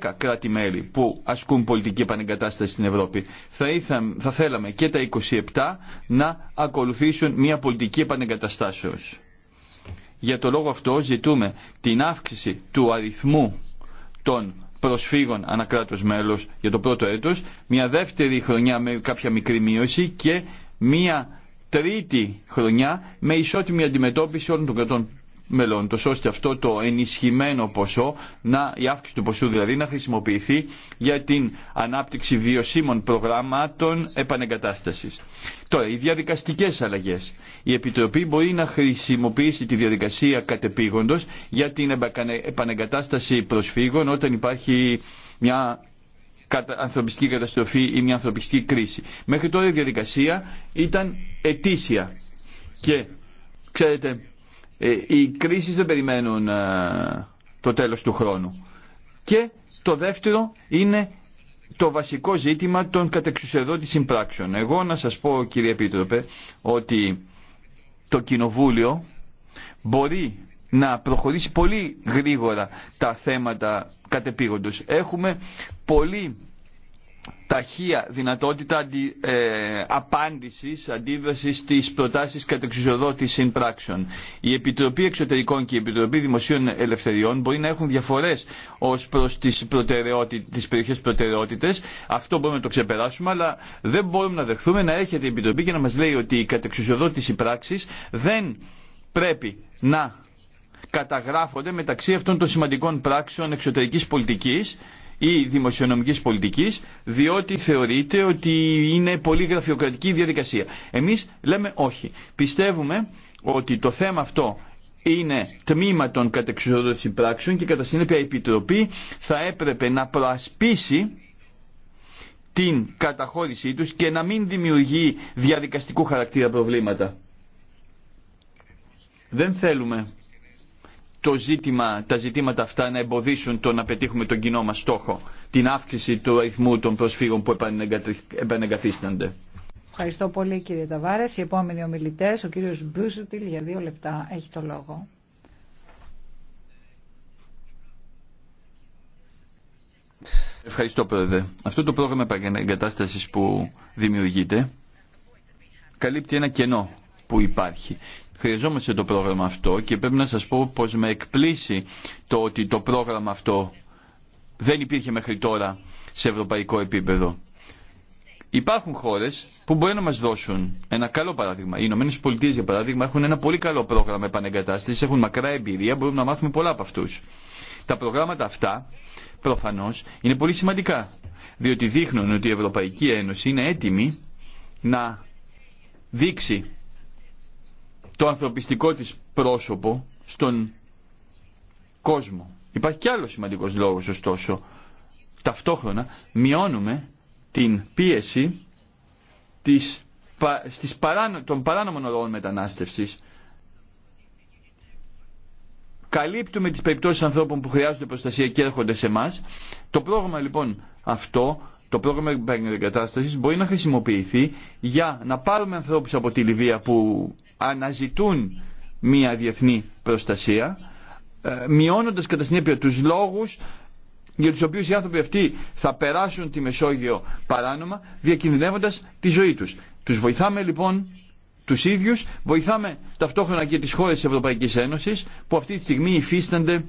10 κράτη-μέλη που ασκούν πολιτική επανεγκατάσταση στην Ευρώπη. Θα, θα θέλαμε και τα 27 να ακολουθήσουν μια πολιτική επανεγκαταστάσεως. Για το λόγο αυτό ζητούμε την αύξηση του αριθμού των προσφύγων ανακράτος μέλος για το πρώτο έτος, μια δεύτερη χρονιά με κάποια μικρή μείωση και μια τρίτη χρονιά με ισότιμη αντιμετώπιση όλων των κρατών ώστε αυτό το ενισχυμένο ποσό, να, η αύξηση του ποσού δηλαδή, να χρησιμοποιηθεί για την ανάπτυξη βιωσίμων προγραμμάτων επανεγκατάστασης. Τώρα, οι διαδικαστικές αλλαγές. Η Επιτροπή μπορεί να χρησιμοποιήσει τη διαδικασία κατεπήγοντος για την επανεγκατάσταση προσφύγων όταν υπάρχει μια ανθρωπιστική καταστροφή ή μια ανθρωπιστική κρίση. Μέχρι τώρα η διαδικασία ήταν ετήσια και ξέρετε ε, οι κρίσει δεν περιμένουν ε, το τέλος του χρόνου. Και το δεύτερο είναι το βασικό ζήτημα των κατεξουσιαδότης συμπράξεων. Εγώ να σας πω κύριε Επίτροπε ότι το Κοινοβούλιο μπορεί να προχωρήσει πολύ γρήγορα τα θέματα κατεπήγοντος. Έχουμε πολύ ταχεία δυνατότητα αντι, ε, απάντησης, αντίδρασης στις προτάσεις κατεξουσιοδότησης πράξεων. Η Επιτροπή Εξωτερικών και η Επιτροπή Δημοσίων Ελευθεριών μπορεί να έχουν διαφορές ως προς τις, τις περιοχές προτεραιότητες. Αυτό μπορούμε να το ξεπεράσουμε, αλλά δεν μπορούμε να δεχθούμε να έρχεται η Επιτροπή και να μας λέει ότι η κατεξουσιοδότηση πράξης δεν πρέπει να καταγράφονται μεταξύ αυτών των σημαντικών πράξεων εξωτερικής πολιτικής ή δημοσιονομικής πολιτικής διότι θεωρείται ότι είναι πολύ γραφειοκρατική διαδικασία. Εμείς λέμε όχι. Πιστεύουμε ότι το θέμα αυτό είναι τμήμα των κατεξουσιοδότηση πράξεων και κατά συνέπεια η Επιτροπή θα έπρεπε να προασπίσει την καταχώρησή τους και να μην δημιουργεί διαδικαστικού χαρακτήρα προβλήματα. Δεν θέλουμε το ζήτημα, τα ζητήματα αυτά να εμποδίσουν το να πετύχουμε τον κοινό μας στόχο, την αύξηση του αριθμού των προσφύγων που επανεγκαθίστανται. Ευχαριστώ πολύ κύριε Ταβάρες. Οι επόμενοι ομιλητές, ο κύριος Μπούσουτιλ για δύο λεπτά έχει το λόγο. Ευχαριστώ πρόεδρε. Αυτό το πρόγραμμα εγκατάστασης που δημιουργείται καλύπτει ένα κενό που υπάρχει Χρειαζόμαστε το πρόγραμμα αυτό και πρέπει να σας πω πως με εκπλήσει το ότι το πρόγραμμα αυτό δεν υπήρχε μέχρι τώρα σε ευρωπαϊκό επίπεδο. Υπάρχουν χώρε που μπορεί να μα δώσουν ένα καλό παράδειγμα. Οι Ηνωμένε Πολιτείε, για παράδειγμα, έχουν ένα πολύ καλό πρόγραμμα επανεγκατάσταση, έχουν μακρά εμπειρία, μπορούμε να μάθουμε πολλά από αυτού. Τα προγράμματα αυτά, προφανώ, είναι πολύ σημαντικά. Διότι δείχνουν ότι η Ευρωπαϊκή Ένωση είναι έτοιμη να δείξει το ανθρωπιστικό της πρόσωπο στον κόσμο. Υπάρχει κι άλλο σημαντικός λόγος ωστόσο. Ταυτόχρονα μειώνουμε την πίεση της, στις παράνο, των παράνομων ροών μετανάστευσης. Καλύπτουμε τις περιπτώσεις ανθρώπων που χρειάζονται προστασία και έρχονται σε εμά. Το πρόγραμμα λοιπόν αυτό το πρόγραμμα κατάσταση μπορεί να χρησιμοποιηθεί για να πάρουμε ανθρώπους από τη Λιβύα που αναζητούν μια διεθνή προστασία, ε, μειώνοντας κατά συνέπεια τους λόγους για τους οποίους οι άνθρωποι αυτοί θα περάσουν τη Μεσόγειο παράνομα, διακινδυνεύοντας τη ζωή τους. Τους βοηθάμε λοιπόν τους ίδιους, βοηθάμε ταυτόχρονα και τις χώρες της Ευρωπαϊκής Ένωσης που αυτή τη στιγμή υφίστανται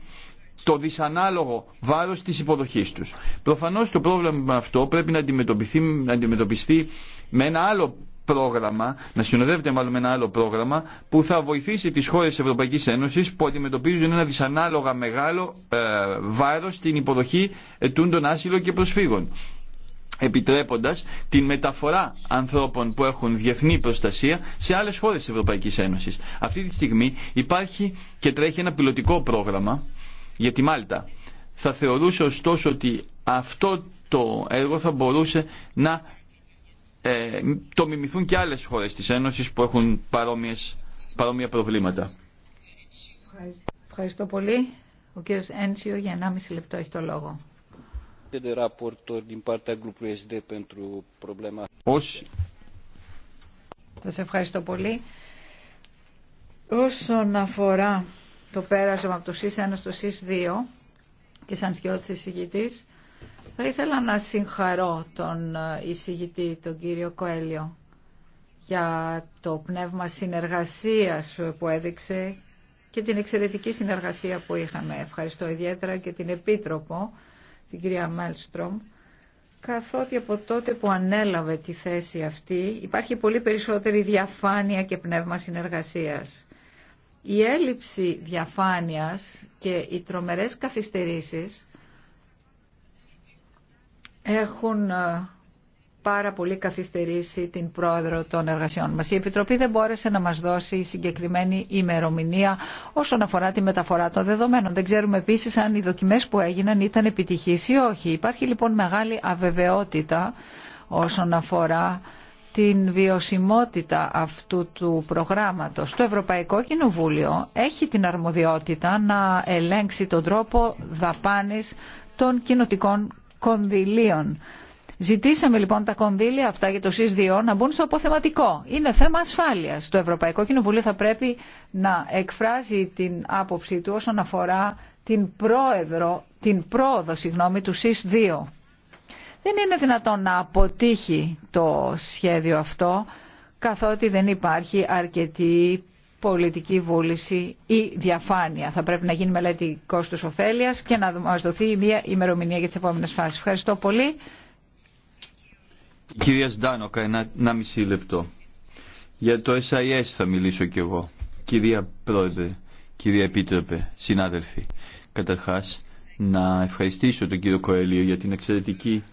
το δυσανάλογο βάρος της υποδοχής τους. Προφανώς το πρόβλημα αυτό πρέπει να αντιμετωπιστεί, να αντιμετωπιστεί με ένα άλλο πρόγραμμα, να συνοδεύεται μάλλον με ένα άλλο πρόγραμμα που θα βοηθήσει τις χώρες της Ευρωπαϊκής Ένωσης που αντιμετωπίζουν ένα δυσανάλογα μεγάλο ε, βάρος στην υποδοχή ετούντων άσυλων και προσφύγων επιτρέποντας την μεταφορά ανθρώπων που έχουν διεθνή προστασία σε άλλες χώρες της Ευρωπαϊκής Ένωσης. Αυτή τη στιγμή υπάρχει και τρέχει ένα πιλωτικό πρόγραμμα για τη Μάλτα. Θα θεωρούσε ωστόσο ότι αυτό το έργο θα μπορούσε να ε, το μιμηθούν και άλλες χώρες της Ένωσης που έχουν παρόμοιες, παρόμοια προβλήματα. Ευχαριστώ πολύ. Ο κύριος Έντσιο για 1,5 λεπτό έχει το λόγο. Ως... σε ευχαριστώ πολύ. Όσον αφορά το πέρασμα από το ΣΥΣ 1 στο ΣΥΣ 2 και σαν σκιώτης εισηγητής, θα ήθελα να συγχαρώ τον ε, εισηγητή, τον κύριο Κοέλιο, για το πνεύμα συνεργασίας που έδειξε και την εξαιρετική συνεργασία που είχαμε. Ευχαριστώ ιδιαίτερα και την Επίτροπο, την κυρία Μέλστρομ, καθότι από τότε που ανέλαβε τη θέση αυτή υπάρχει πολύ περισσότερη διαφάνεια και πνεύμα συνεργασίας. Η έλλειψη διαφάνειας και οι τρομερές καθυστερήσεις έχουν ε, πάρα πολύ καθυστερήσει την πρόεδρο των εργασιών μας. Η Επιτροπή δεν μπόρεσε να μας δώσει συγκεκριμένη ημερομηνία όσον αφορά τη μεταφορά των δεδομένων. Δεν ξέρουμε επίσης αν οι δοκιμές που έγιναν ήταν επιτυχείς ή όχι. Υπάρχει λοιπόν μεγάλη αβεβαιότητα όσον αφορά την βιωσιμότητα αυτού του προγράμματος. Το Ευρωπαϊκό Κοινοβούλιο έχει την αρμοδιότητα να ελέγξει τον τρόπο δαπάνης των κοινοτικών κονδυλίων. Ζητήσαμε λοιπόν τα κονδύλια αυτά για το ΣΥΣ2 να μπουν στο αποθεματικό. Είναι θέμα ασφάλεια. Το Ευρωπαϊκό Κοινοβούλιο θα πρέπει να εκφράζει την άποψή του όσον αφορά την, πρόεδρο, την πρόοδο συγγνώμη, του ΣΥΣ2. Δεν είναι δυνατόν να αποτύχει το σχέδιο αυτό καθότι δεν υπάρχει αρκετή πολιτική βούληση ή διαφάνεια. Θα πρέπει να γίνει μελέτη μελέτη ωφέλειας και να μας δοθεί μια ημερομηνία για τις επόμενες φάσεις. Ευχαριστώ πολύ. κυρία Σντάνοκα, ένα, ένα μισή λεπτό. Για το SIS θα μιλήσω κι εγώ. Κυρία Πρόεδρε, κυρία Επίτροπε, συνάδελφοι, καταρχάς να ευχαριστήσω τον κύριο Κοέλιο για την εξαιρετική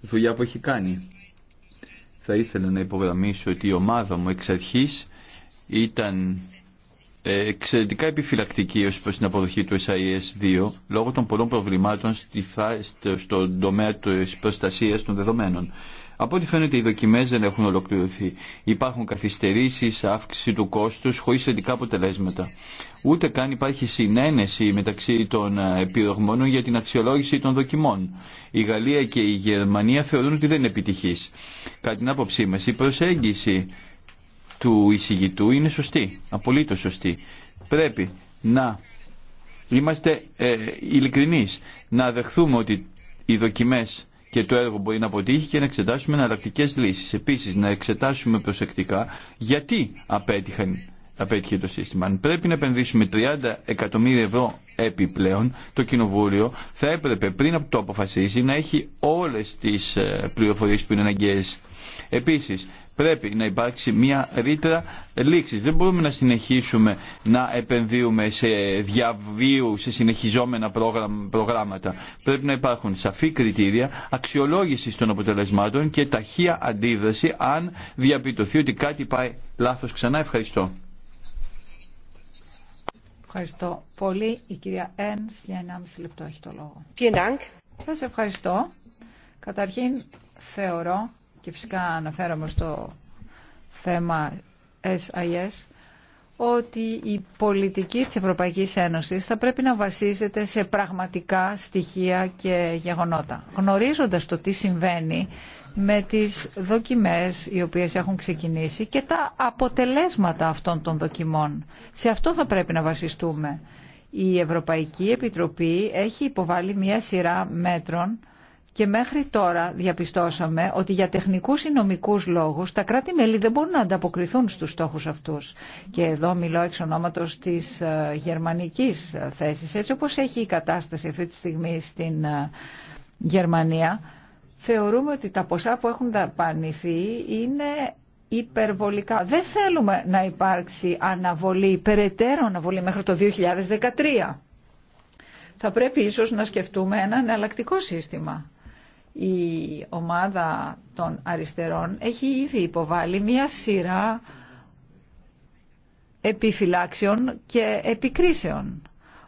δουλειά που έχει κάνει. Θα ήθελα να υπογραμμίσω ότι η ομάδα μου εξ αρχής ήταν ε, εξαιρετικά επιφυλακτική ως προς την αποδοχή του SIS-2 λόγω των πολλών προβλημάτων στον τομέα της προστασίας των δεδομένων. Από ό,τι φαίνεται οι δοκιμές δεν έχουν ολοκληρωθεί. Υπάρχουν καθυστερήσεις, αύξηση του κόστους χωρίς θετικά αποτελέσματα. Ούτε καν υπάρχει συνένεση μεταξύ των ε, επιδογμόνων για την αξιολόγηση των δοκιμών. Η Γαλλία και η Γερμανία θεωρούν ότι δεν είναι επιτυχής. Κατά την άποψή μας η προσέγγιση του εισηγητού είναι σωστή, απολύτως σωστή. Πρέπει να είμαστε ε, ειλικρινείς, να δεχθούμε ότι οι δοκιμές και το έργο μπορεί να αποτύχει και να εξετάσουμε εναλλακτικέ λύσεις. Επίσης, να εξετάσουμε προσεκτικά γιατί απέτυχαν απέτυχε το σύστημα. Αν πρέπει να επενδύσουμε 30 εκατομμύρια ευρώ επιπλέον, το Κοινοβούλιο θα έπρεπε πριν από το αποφασίσει να έχει όλες τις ε, πληροφορίες που είναι αναγκαίες. Επίσης, πρέπει να υπάρξει μια ρήτρα λήξη. Δεν μπορούμε να συνεχίσουμε να επενδύουμε σε διαβίου, σε συνεχιζόμενα προγράμματα. Πρέπει να υπάρχουν σαφή κριτήρια αξιολόγηση των αποτελεσμάτων και ταχεία αντίδραση αν διαπιτωθεί ότι κάτι πάει λάθος ξανά. Ευχαριστώ. Ευχαριστώ πολύ. Η κυρία Ένς για 1,5 λεπτό έχει το λόγο. Σας ευχαριστώ. Καταρχήν θεωρώ και φυσικά αναφέρομαι στο θέμα SIS, ότι η πολιτική της Ευρωπαϊκής Ένωσης θα πρέπει να βασίζεται σε πραγματικά στοιχεία και γεγονότα. Γνωρίζοντας το τι συμβαίνει με τις δοκιμές οι οποίες έχουν ξεκινήσει και τα αποτελέσματα αυτών των δοκιμών. Σε αυτό θα πρέπει να βασιστούμε. Η Ευρωπαϊκή Επιτροπή έχει υποβάλει μία σειρά μέτρων και μέχρι τώρα διαπιστώσαμε ότι για τεχνικούς ή νομικούς λόγους τα κράτη-μέλη δεν μπορούν να ανταποκριθούν στους στόχους αυτούς. Και εδώ μιλώ εξ ονόματος της ε, γερμανικής ε, θέσης. Έτσι όπως έχει η κατάσταση αυτή τη στιγμή στην ε, Γερμανία, θεωρούμε ότι τα ποσά που έχουν δαπανηθεί είναι υπερβολικά. Δεν θέλουμε να υπάρξει αναβολή, περαιτέρω αναβολή μέχρι το 2013. Θα πρέπει ίσως να σκεφτούμε ένα εναλλακτικό σύστημα η ομάδα των αριστερών έχει ήδη υποβάλει μία σειρά επιφυλάξεων και επικρίσεων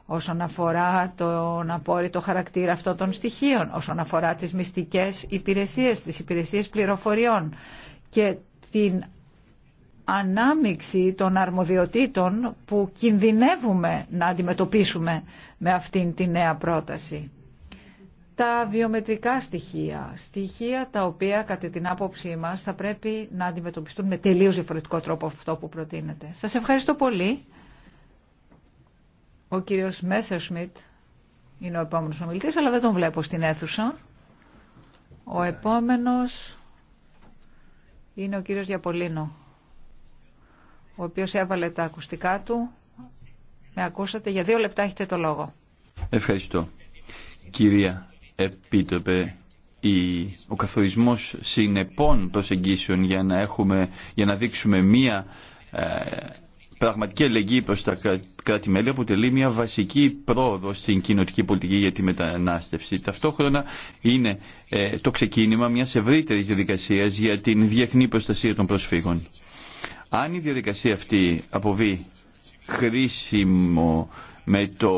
όσον αφορά τον απόρριτο χαρακτήρα αυτών των στοιχείων, όσον αφορά τις μυστικές υπηρεσίες, τις υπηρεσίες πληροφοριών και την ανάμιξη των αρμοδιοτήτων που κινδυνεύουμε να αντιμετωπίσουμε με αυτήν την νέα πρόταση τα βιομετρικά στοιχεία, στοιχεία τα οποία κατά την άποψή μας θα πρέπει να αντιμετωπιστούν με τελείως διαφορετικό τρόπο αυτό που προτείνεται. Σας ευχαριστώ πολύ. Ο κύριος Μέσερ Σμιτ είναι ο επόμενος ομιλητής, αλλά δεν τον βλέπω στην αίθουσα. Ο επόμενος είναι ο κύριος Διαπολίνο, ο οποίος έβαλε τα ακουστικά του. Με ακούσατε, για δύο λεπτά έχετε το λόγο. Ευχαριστώ. Κυρία Επίτροπε, ο καθορισμός συνεπών προσεγγίσεων για να, έχουμε, για να δείξουμε μία ε, πραγματική αλληλεγγύη προς τα κράτη-μέλη αποτελεί μια βασική πρόοδο στην κοινωτική πολιτική για τη μετανάστευση. Ταυτόχρονα είναι ε, το ξεκίνημα μιας ευρύτερης διαδικασίας για την διεθνή προστασία των προσφύγων. Αν η διαδικασία αυτή αποβεί χρήσιμο με, το,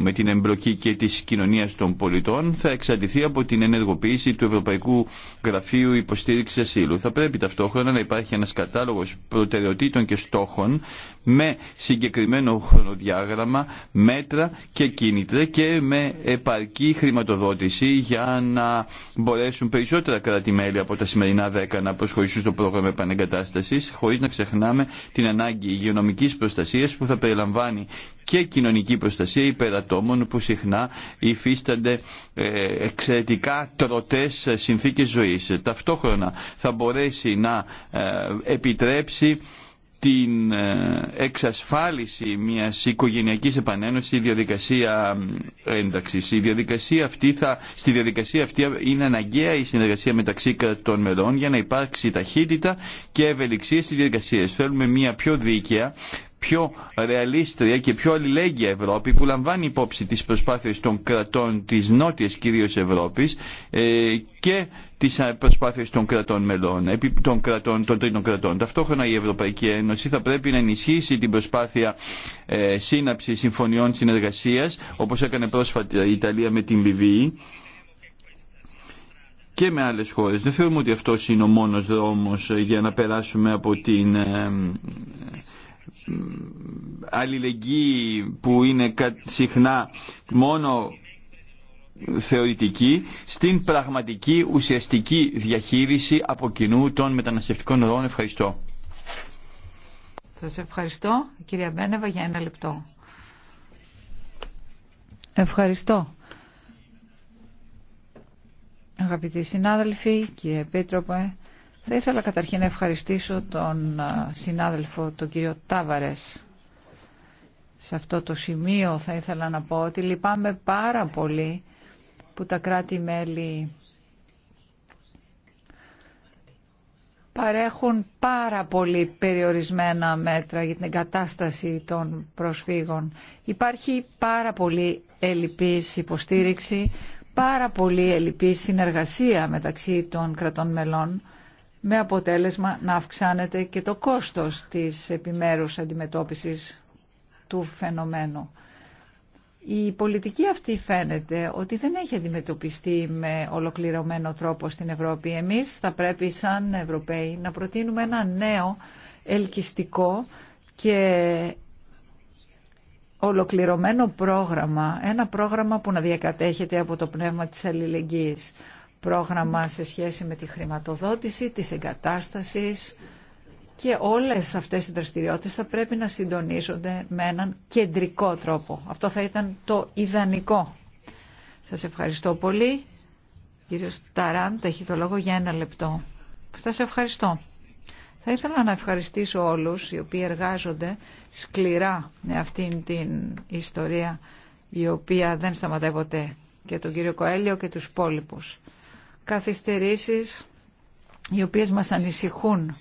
με την εμπλοκή και της κοινωνίας των πολιτών θα εξαντληθεί από την ενεργοποίηση του Ευρωπαϊκού Γραφείου Υποστηρίξη Ασύλου. Θα πρέπει ταυτόχρονα να υπάρχει ένας κατάλογος προτεραιοτήτων και στόχων με συγκεκριμένο χρονοδιάγραμμα, μέτρα και κίνητρα και με επαρκή χρηματοδότηση για να μπορέσουν περισσότερα κράτη-μέλη από τα σημερινά δέκα να προσχωρήσουν στο πρόγραμμα επανεγκατάστασης χωρίς να ξεχνάμε την ανάγκη υγειονομικής προστασίας που θα περιλαμβάνει και κοινωνική κοινωνική προστασία υπερατόμων που συχνά υφίστανται ε, εξαιρετικά τροτές συνθήκες ζωής. Ταυτόχρονα θα μπορέσει να ε, επιτρέψει την ε, εξασφάλιση μιας οικογενειακής επανένωσης στη διαδικασία ένταξης. διαδικασία αυτή θα, στη διαδικασία αυτή είναι αναγκαία η συνεργασία μεταξύ των μερών για να υπάρξει ταχύτητα και ευελιξία στις διαδικασίες. Θέλουμε μια πιο δίκαια, πιο ρεαλίστρια και πιο αλληλέγγυα Ευρώπη που λαμβάνει υπόψη τις προσπάθειες των κρατών της νότιας κυρίως Ευρώπης ε, και τις προσπάθειες των κρατών μελών, των, κρατών, των τρίτων κρατών. Ταυτόχρονα η Ευρωπαϊκή Ένωση θα πρέπει να ενισχύσει την προσπάθεια ε, σύναψη συμφωνιών συνεργασίας όπως έκανε πρόσφατα η Ιταλία με την Λιβύη και με άλλες χώρες. Δεν θεωρούμε ότι αυτός είναι ο μόνος δρόμος ε, για να περάσουμε από την ε, αλληλεγγύη που είναι συχνά μόνο θεωρητική στην πραγματική ουσιαστική διαχείριση από κοινού των μεταναστευτικών οδών. Ευχαριστώ. Σας ευχαριστώ κυρία Μπένεβα για ένα λεπτό. Ευχαριστώ. Αγαπητοί συνάδελφοι, κύριε Επίτροπε, θα ήθελα καταρχήν να ευχαριστήσω τον συνάδελφο, τον κύριο Τάβαρες. Σε αυτό το σημείο θα ήθελα να πω ότι λυπάμαι πάρα πολύ που τα κράτη-μέλη παρέχουν πάρα πολύ περιορισμένα μέτρα για την εγκατάσταση των προσφύγων. Υπάρχει πάρα πολύ ελλειπής υποστήριξη, πάρα πολύ ελλειπής συνεργασία μεταξύ των κρατών μελών με αποτέλεσμα να αυξάνεται και το κόστος της επιμέρους αντιμετώπισης του φαινομένου. Η πολιτική αυτή φαίνεται ότι δεν έχει αντιμετωπιστεί με ολοκληρωμένο τρόπο στην Ευρώπη. Εμείς θα πρέπει σαν Ευρωπαίοι να προτείνουμε ένα νέο ελκυστικό και ολοκληρωμένο πρόγραμμα, ένα πρόγραμμα που να διακατέχεται από το πνεύμα της αλληλεγγύης πρόγραμμα σε σχέση με τη χρηματοδότηση, τη εγκατάσταση και όλες αυτέ οι δραστηριότητε θα πρέπει να συντονίζονται με έναν κεντρικό τρόπο. Αυτό θα ήταν το ιδανικό. Σας ευχαριστώ πολύ. Κύριος τα έχει το λόγο για ένα λεπτό. Σας ευχαριστώ. Θα ήθελα να ευχαριστήσω όλους οι οποίοι εργάζονται σκληρά με αυτήν την ιστορία η οποία δεν σταματάει ποτέ και τον κύριο Κοέλιο και τους υπόλοιπους καθυστερήσεις οι οποίες μας ανησυχούν.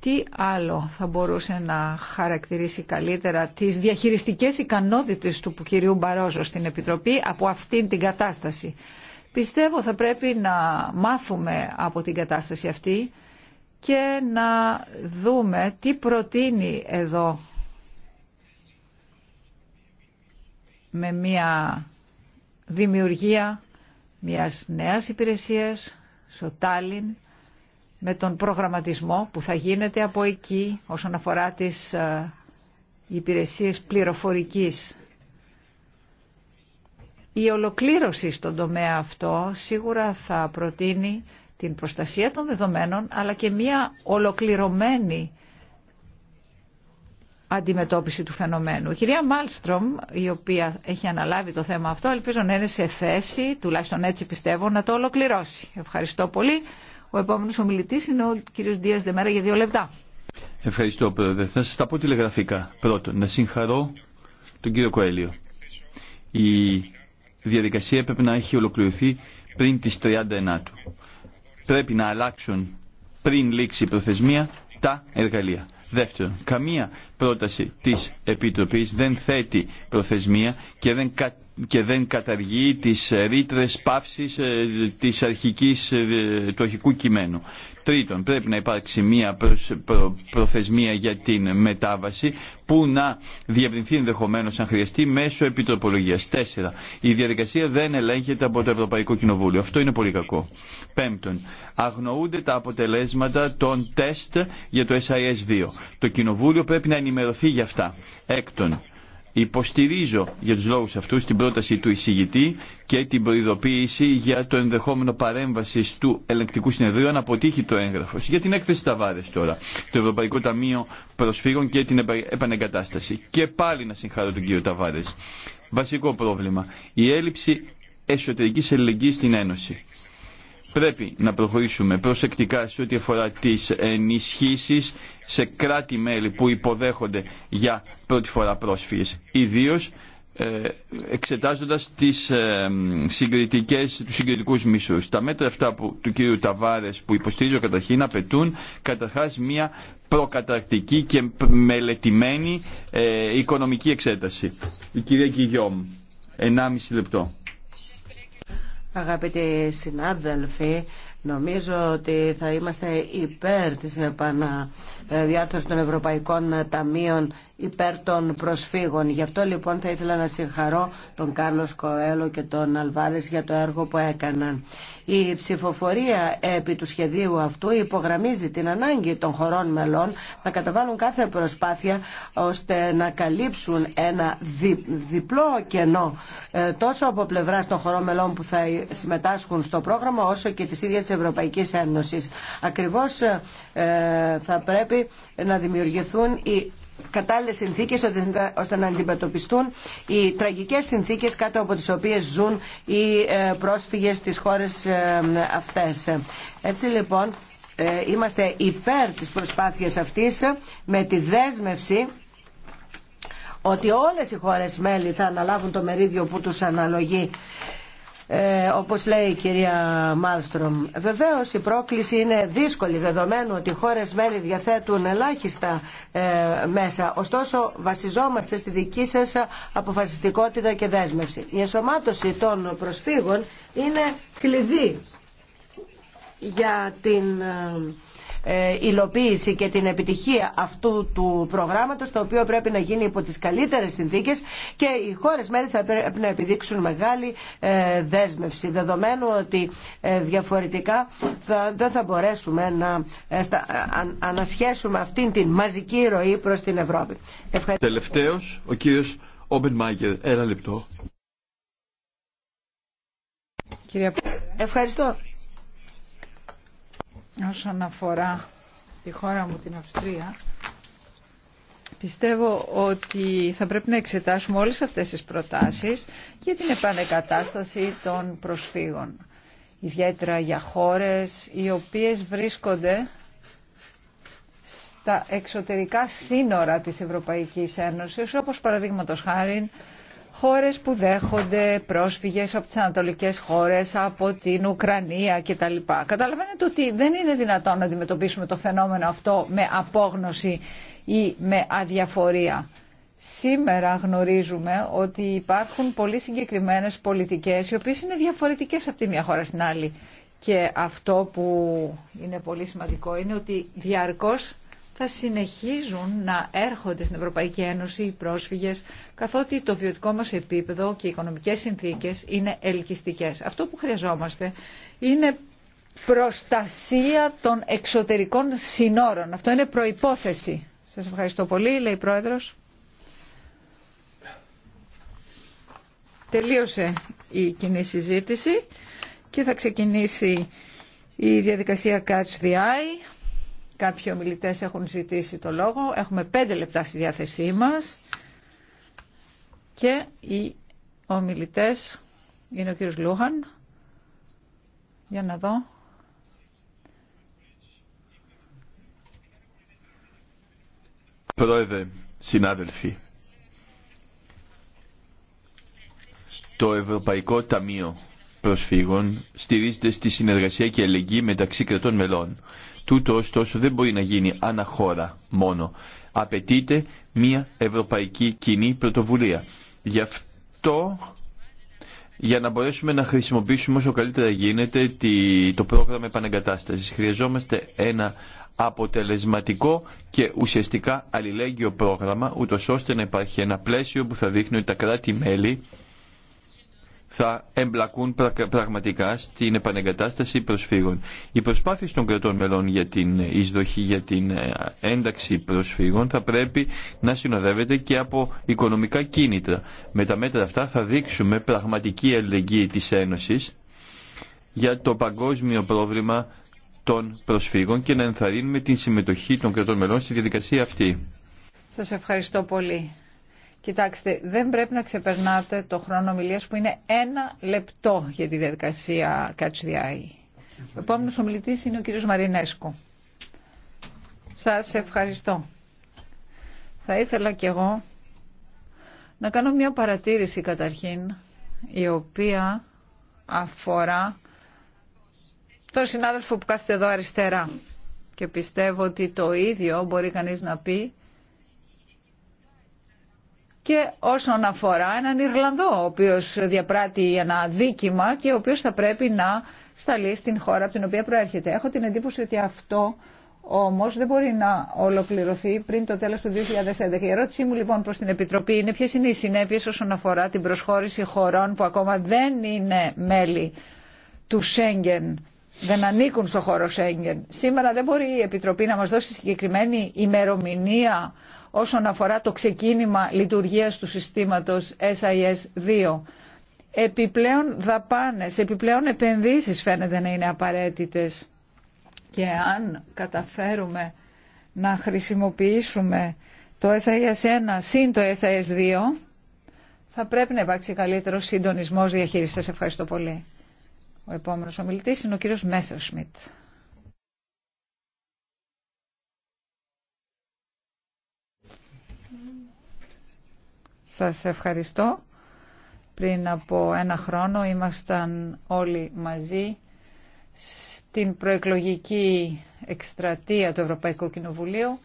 Τι άλλο θα μπορούσε να χαρακτηρίσει καλύτερα τις διαχειριστικές ικανότητες του κυρίου Μπαρόζο στην Επιτροπή από αυτήν την κατάσταση. Πιστεύω θα πρέπει να μάθουμε από την κατάσταση αυτή και να δούμε τι προτείνει εδώ με μια δημιουργία μιας νέας υπηρεσίας στο Τάλιν με τον προγραμματισμό που θα γίνεται από εκεί όσον αφορά τις ε, υπηρεσίες πληροφορικής. Η ολοκλήρωση στον τομέα αυτό σίγουρα θα προτείνει την προστασία των δεδομένων αλλά και μια ολοκληρωμένη αντιμετώπιση του φαινομένου. Η κυρία Μάλστρομ, η οποία έχει αναλάβει το θέμα αυτό, ελπίζω να είναι σε θέση, τουλάχιστον έτσι πιστεύω, να το ολοκληρώσει. Ευχαριστώ πολύ. Ο επόμενος ομιλητής είναι ο κύριος Δίας Δεμέρα για δύο λεπτά. Ευχαριστώ, Πρόεδρε. Θα σας τα πω τηλεγραφικά. Πρώτον, να συγχαρώ τον κύριο Κοέλιο. Η διαδικασία έπρεπε να έχει ολοκληρωθεί πριν τις 39 του. Πρέπει να αλλάξουν πριν λήξει η προθεσμία τα εργαλεία. Δεύτερον, καμία πρόταση της Επιτροπής δεν θέτει προθεσμία και δεν κατ και δεν καταργεί τις ρήτρε πάυσης ε, της αρχικής, ε, του αρχικού κειμένου. Τρίτον, πρέπει να υπάρξει μία προθεσμία για την μετάβαση που να διευρυνθεί ενδεχομένω αν χρειαστεί μέσω επιτροπολογία. Τέσσερα, η διαδικασία δεν ελέγχεται από το Ευρωπαϊκό Κοινοβούλιο. Αυτό είναι πολύ κακό. Πέμπτον, αγνοούνται τα αποτελέσματα των τεστ για το SIS2. Το Κοινοβούλιο πρέπει να ενημερωθεί για αυτά. Έκτον, Υποστηρίζω για τους λόγους αυτούς την πρόταση του εισηγητή και την προειδοποίηση για το ενδεχόμενο παρέμβαση του ελεγκτικού συνεδρίου αν αποτύχει το έγγραφο. Για την έκθεση Ταβάρε τώρα, το Ευρωπαϊκό Ταμείο Προσφύγων και την Επανεγκατάσταση. Και πάλι να συγχαρώ τον κύριο Ταβάρε. Βασικό πρόβλημα, η έλλειψη εσωτερικής ελληνικής στην Ένωση. Πρέπει να προχωρήσουμε προσεκτικά σε ό,τι αφορά τις ενισχύσει σε κράτη-μέλη που υποδέχονται για πρώτη φορά πρόσφυγες, ιδίως ε, εξετάζοντας τις ε, συγκριτικές, τους συγκριτικούς μισούς. Τα μέτρα αυτά που, του κύριου Ταβάρες που υποστηρίζω καταρχήν απαιτούν καταρχάς μια προκαταρκτική και μελετημένη ε, οικονομική εξέταση. Η κυρία Κιγιόμ, 1,5 λεπτό. Αγαπητοί συνάδελφοι, Νομίζω ότι θα είμαστε υπέρ της επαναδιάρθρωσης ε, των Ευρωπαϊκών Ταμείων υπέρ των προσφύγων. Γι' αυτό λοιπόν θα ήθελα να συγχαρώ τον Κάρλος Κοέλο και τον Αλβάρες για το έργο που έκαναν. Η ψηφοφορία επί του σχεδίου αυτού υπογραμμίζει την ανάγκη των χωρών μελών να καταβάλουν κάθε προσπάθεια ώστε να καλύψουν ένα διπλό κενό ε, τόσο από πλευρά των χωρών μελών που θα συμμετάσχουν στο πρόγραμμα όσο και της ίδιας Ευρωπαϊκής Ένωσης. Ακριβώς ε, ε, θα πρέπει να δημιουργηθούν οι κατάλληλες συνθήκες ώστε να αντιμετωπιστούν οι τραγικές συνθήκες κάτω από τις οποίες ζουν οι ε, πρόσφυγες στις χώρες ε, αυτές. Έτσι λοιπόν ε, είμαστε υπέρ της προσπάθειας αυτής με τη δέσμευση ότι όλες οι χώρες μέλη θα αναλάβουν το μερίδιο που τους αναλογεί ε, όπως λέει η κυρία Μάλστρομ. Βεβαίως η πρόκληση είναι δύσκολη δεδομένου ότι οι χώρες μέλη διαθέτουν ελάχιστα ε, μέσα. Ωστόσο βασιζόμαστε στη δική σας αποφασιστικότητα και δέσμευση. Η εσωμάτωση των προσφύγων είναι κλειδί για την ε, ε, υλοποίηση και την επιτυχία αυτού του προγράμματος το οποίο πρέπει να γίνει υπό τις καλύτερες συνθήκες και οι χώρες μέλη θα πρέπει να επιδείξουν μεγάλη ε, δέσμευση δεδομένου ότι ε, διαφορετικά δεν θα μπορέσουμε να ανασχέσουμε αυτήν την μαζική ροή προς την Ευρώπη. Ευχαριστώ. Τελευταίος ο κύριος Όμπεν Μάγκερ. Ένα λεπτό. Ευχαριστώ όσον αφορά τη χώρα μου την Αυστρία πιστεύω ότι θα πρέπει να εξετάσουμε όλες αυτές τις προτάσεις για την επανεκατάσταση των προσφύγων ιδιαίτερα για χώρες οι οποίες βρίσκονται στα εξωτερικά σύνορα της Ευρωπαϊκής Ένωσης όπως παραδείγματος χάρη χώρες που δέχονται πρόσφυγες από τις ανατολικές χώρες, από την Ουκρανία κτλ. Καταλαβαίνετε ότι δεν είναι δυνατόν να αντιμετωπίσουμε το φαινόμενο αυτό με απόγνωση ή με αδιαφορία. Σήμερα γνωρίζουμε ότι υπάρχουν πολύ συγκεκριμένες πολιτικές οι οποίες είναι διαφορετικές από τη μία χώρα στην άλλη. Και αυτό που είναι πολύ σημαντικό είναι ότι διαρκώς θα συνεχίζουν να έρχονται στην Ευρωπαϊκή Ένωση οι πρόσφυγες, καθότι το βιωτικό μας επίπεδο και οι οικονομικές συνθήκες είναι ελκυστικές. Αυτό που χρειαζόμαστε είναι προστασία των εξωτερικών συνόρων. Αυτό είναι προϋπόθεση. Σας ευχαριστώ πολύ, λέει η Πρόεδρος. Τελείωσε η κοινή συζήτηση και θα ξεκινήσει η διαδικασία Catch the Eye. Κάποιοι ομιλητές έχουν ζητήσει το λόγο. Έχουμε πέντε λεπτά στη διάθεσή μας και οι ομιλητές είναι ο κύριος Λούχαν. Για να δω. Πρόεδρε, συνάδελφοι, το Ευρωπαϊκό Ταμείο Προσφύγων στηρίζεται στη συνεργασία και αλληλεγγύη μεταξύ κρατών μελών. Τούτο ωστόσο δεν μπορεί να γίνει αναχώρα μόνο. Απαιτείται μια ευρωπαϊκή κοινή πρωτοβουλία. Γι' αυτό για να μπορέσουμε να χρησιμοποιήσουμε όσο καλύτερα γίνεται το πρόγραμμα επανεγκατάστασης. Χρειαζόμαστε ένα αποτελεσματικό και ουσιαστικά αλληλέγγυο πρόγραμμα, ούτως ώστε να υπάρχει ένα πλαίσιο που θα δείχνει ότι τα κράτη-μέλη θα εμπλακούν πραγματικά στην επανεγκατάσταση προσφύγων. Η προσπάθεια των κρατών μελών για την εισδοχή, για την ε, ένταξη προσφύγων θα πρέπει να συνοδεύεται και από οικονομικά κίνητρα. Με τα μέτρα αυτά θα δείξουμε πραγματική αλληλεγγύη της Ένωσης για το παγκόσμιο πρόβλημα των προσφύγων και να ενθαρρύνουμε την συμμετοχή των κρατών μελών στη διαδικασία αυτή. Σας ευχαριστώ πολύ. Κοιτάξτε, δεν πρέπει να ξεπερνάτε το χρόνο ομιλία που είναι ένα λεπτό για τη διαδικασία Eye. Ο επόμενο ομιλητή είναι ο κύριος Μαρινέσκο. Σας ευχαριστώ. Θα ήθελα κι εγώ να κάνω μια παρατήρηση καταρχήν, η οποία αφορά τον συνάδελφο που κάθεται εδώ αριστερά. Και πιστεύω ότι το ίδιο μπορεί κανείς να πει και όσον αφορά έναν Ιρλανδό, ο οποίος διαπράττει ένα δίκημα και ο οποίος θα πρέπει να σταλεί στην χώρα από την οποία προέρχεται. Έχω την εντύπωση ότι αυτό όμως δεν μπορεί να ολοκληρωθεί πριν το τέλος του 2011. Η ερώτησή μου λοιπόν προς την Επιτροπή είναι ποιες είναι οι συνέπειες όσον αφορά την προσχώρηση χωρών που ακόμα δεν είναι μέλη του Σέγγεν δεν ανήκουν στο χώρο Σέγγεν. Σήμερα δεν μπορεί η Επιτροπή να μας δώσει συγκεκριμένη ημερομηνία όσον αφορά το ξεκίνημα λειτουργίας του συστήματος SIS-2. Επιπλέον δαπάνες, επιπλέον επενδύσεις φαίνεται να είναι απαραίτητες. Και αν καταφέρουμε να χρησιμοποιήσουμε το SIS-1 συν το SIS-2, θα πρέπει να υπάρξει καλύτερο συντονισμός διαχείρισης. Σας ευχαριστώ πολύ. Ο επόμενος ομιλητής είναι ο κύριος Μέσερ Σμιτ. Σας ευχαριστώ. Πριν από ένα χρόνο ήμασταν όλοι μαζί στην προεκλογική εκστρατεία του Ευρωπαϊκού Κοινοβουλίου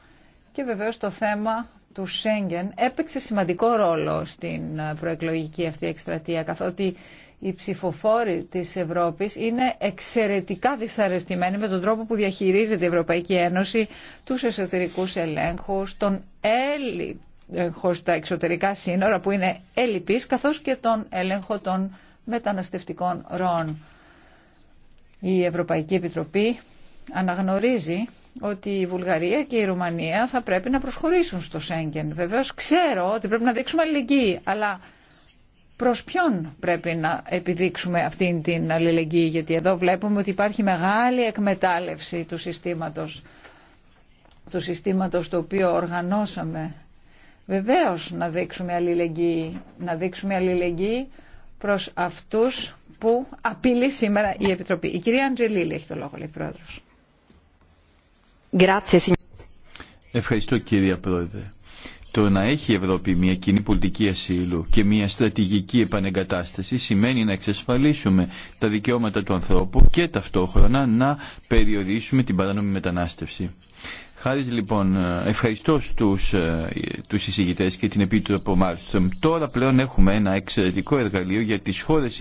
και βεβαίως το θέμα του Σέγγεν έπαιξε σημαντικό ρόλο στην προεκλογική αυτή εκστρατεία καθότι οι ψηφοφόροι της Ευρώπης είναι εξαιρετικά δυσαρεστημένοι με τον τρόπο που διαχειρίζεται η Ευρωπαϊκή Ένωση τους εσωτερικούς ελέγχους, τον έλλειπτο έλεγχο στα εξωτερικά σύνορα που είναι ελλειπής καθώς και τον έλεγχο των μεταναστευτικών ροών. Η Ευρωπαϊκή Επιτροπή αναγνωρίζει ότι η Βουλγαρία και η Ρουμανία θα πρέπει να προσχωρήσουν στο Σέγγεν. Βεβαίως ξέρω ότι πρέπει να δείξουμε αλληλεγγύη, αλλά προς ποιον πρέπει να επιδείξουμε αυτήν την αλληλεγγύη, γιατί εδώ βλέπουμε ότι υπάρχει μεγάλη εκμετάλλευση του συστήματος, του συστήματος το οποίο οργανώσαμε Βεβαίως να δείξουμε αλληλεγγύη, να δείξουμε αλληλεγγύη προς αυτούς που απειλεί σήμερα η Επιτροπή. Η κυρία Αντζελίλη έχει το λόγο, λέει Πρόεδρος. Ευχαριστώ κύριε Πρόεδρε. Το να έχει η Ευρώπη μια κοινή πολιτική ασύλου και μια στρατηγική επανεγκατάσταση σημαίνει να εξασφαλίσουμε τα δικαιώματα του ανθρώπου και ταυτόχρονα να περιορίσουμε την παράνομη μετανάστευση. Χάρη λοιπόν, ε, ευχαριστώ στους, ε, τους εισηγητές και την Επίτροπο Μάρστρομ. Τώρα πλέον έχουμε ένα εξαιρετικό εργαλείο για τις χώρες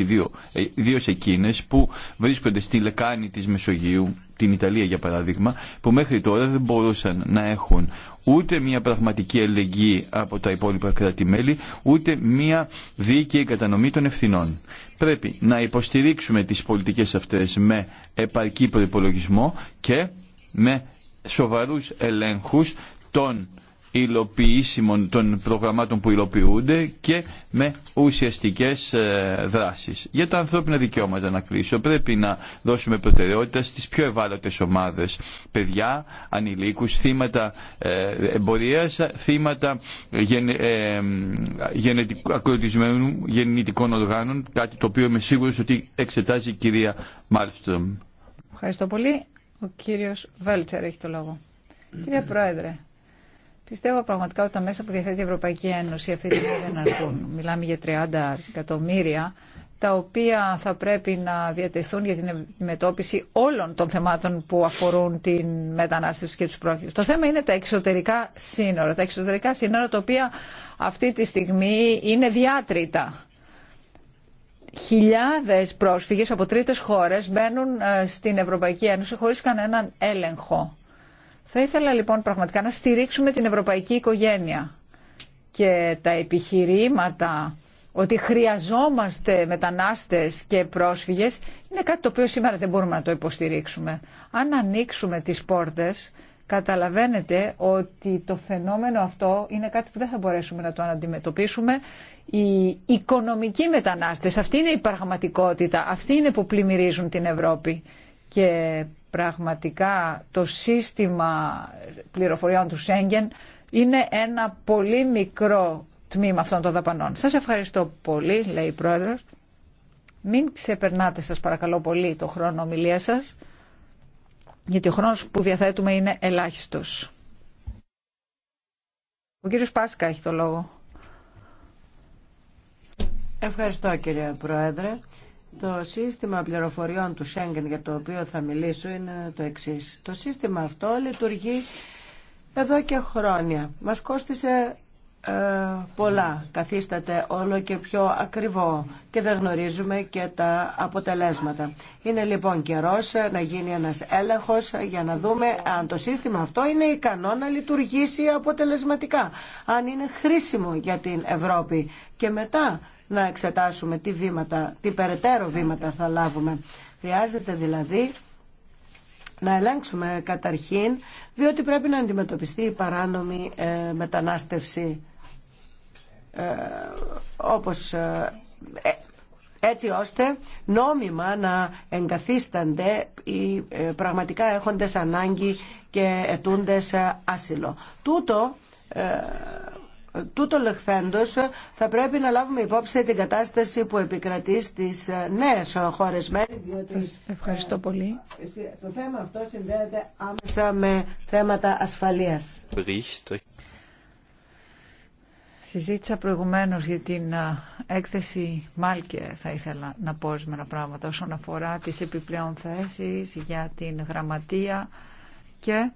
δύο ε, εκείνες που βρίσκονται στη λεκάνη της Μεσογείου, την Ιταλία για παράδειγμα, που μέχρι τώρα δεν μπορούσαν να έχουν ούτε μια πραγματική ελεγγύη από τα υπόλοιπα κράτη-μέλη, ούτε μια δίκαιη κατανομή των ευθυνών. Πρέπει να υποστηρίξουμε τις πολιτικές αυτές με επαρκή προπολογισμό και με σοβαρούς ελέγχους των υλοποιήσιμων των προγραμμάτων που υλοποιούνται και με ουσιαστικές ε, δράσεις. Για τα ανθρώπινα δικαιώματα να κλείσω πρέπει να δώσουμε προτεραιότητα στις πιο ευάλωτες ομάδες. Παιδιά, ανηλίκους, θύματα ε, εμπορίας, θύματα ε, ακροτισμένου γεννητικών οργάνων, κάτι το οποίο είμαι σίγουρος ότι εξετάζει η κυρία Μάλστρομ. Ευχαριστώ πολύ. Ο κύριος Βέλτσερ έχει το λόγο. Κύριε Πρόεδρε, πιστεύω πραγματικά ότι τα μέσα που διαθέτει η Ευρωπαϊκή Ένωση αυτή τη στιγμή δεν αρκούν. Μιλάμε για 30 εκατομμύρια, τα οποία θα πρέπει να διατεθούν για την αντιμετώπιση όλων των θεμάτων που αφορούν την μετανάστευση και τους πρόσφυγες. Το θέμα είναι τα εξωτερικά σύνορα, τα εξωτερικά σύνορα τα οποία αυτή τη στιγμή είναι διάτρητα χιλιάδες πρόσφυγες από τρίτες χώρες μπαίνουν ε, στην Ευρωπαϊκή Ένωση χωρίς κανέναν έλεγχο. Θα ήθελα λοιπόν πραγματικά να στηρίξουμε την ευρωπαϊκή οικογένεια και τα επιχειρήματα ότι χρειαζόμαστε μετανάστες και πρόσφυγες είναι κάτι το οποίο σήμερα δεν μπορούμε να το υποστηρίξουμε. Αν ανοίξουμε τις πόρτες καταλαβαίνετε ότι το φαινόμενο αυτό είναι κάτι που δεν θα μπορέσουμε να το αντιμετωπίσουμε οι οικονομικοί μετανάστες. Αυτή είναι η πραγματικότητα, αυτή είναι που πλημμυρίζουν την Ευρώπη. Και πραγματικά το σύστημα πληροφοριών του Σέγγεν είναι ένα πολύ μικρό τμήμα αυτών των δαπανών. Σας ευχαριστώ πολύ, λέει η Πρόεδρος. Μην ξεπερνάτε σας παρακαλώ πολύ το χρόνο ομιλία σας, γιατί ο χρόνος που διαθέτουμε είναι ελάχιστος. Ο κύριος Πάσκα έχει το λόγο. Ευχαριστώ κύριε Πρόεδρε. Το σύστημα πληροφοριών του Σέγγεν για το οποίο θα μιλήσω είναι το εξής. Το σύστημα αυτό λειτουργεί εδώ και χρόνια. Μας κόστισε ε, πολλά. Καθίσταται όλο και πιο ακριβό και δεν γνωρίζουμε και τα αποτελέσματα. Είναι λοιπόν καιρός να γίνει ένας έλεγχος για να δούμε αν το σύστημα αυτό είναι ικανό να λειτουργήσει αποτελεσματικά. Αν είναι χρήσιμο για την Ευρώπη και μετά να εξετάσουμε τι, βήματα, τι περαιτέρω βήματα θα λάβουμε. Χρειάζεται δηλαδή να ελέγξουμε καταρχήν, διότι πρέπει να αντιμετωπιστεί η παράνομη ε, μετανάστευση ε, όπως ε, έτσι ώστε νόμιμα να εγκαθίστανται οι πραγματικά έχοντες ανάγκη και ετούντες άσυλο. Τούτο τούτο λεχθέντος ε, θα πρέπει να λάβουμε υπόψη την κατάσταση που επικρατεί στις ε, νέες χώρες μέλη. Ε, ευχαριστώ πολύ. Το θέμα αυτό συνδέεται άμεσα με θέματα ασφαλείας. Συζήτησα προηγουμένως για την έκθεση Μάλκε, θα ήθελα να πω ορισμένα πράγματα όσον αφορά τις επιπλέον θέσεις για την γραμματεία και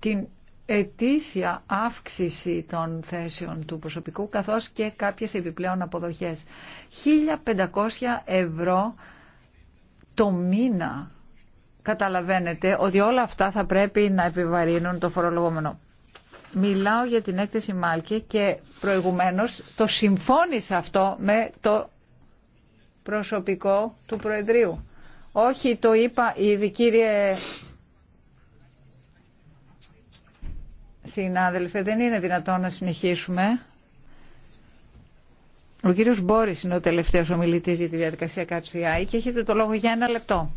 την ετήσια αύξηση των θέσεων του προσωπικού καθώς και κάποιες επιπλέον αποδοχές. 1.500 ευρώ το μήνα. Καταλαβαίνετε ότι όλα αυτά θα πρέπει να επιβαρύνουν το φορολογόμενο. Μιλάω για την έκθεση Μάλκη και προηγουμένως το συμφώνησα αυτό με το προσωπικό του Προεδρείου. Όχι, το είπα ήδη κύριε Συνάδελφε, δεν είναι δυνατόν να συνεχίσουμε. Ο κύριο Μπόρις είναι ο τελευταίο ομιλητή για τη διαδικασία ΚΑΤΣΙΑΗ και έχετε το λόγο για ένα λεπτό.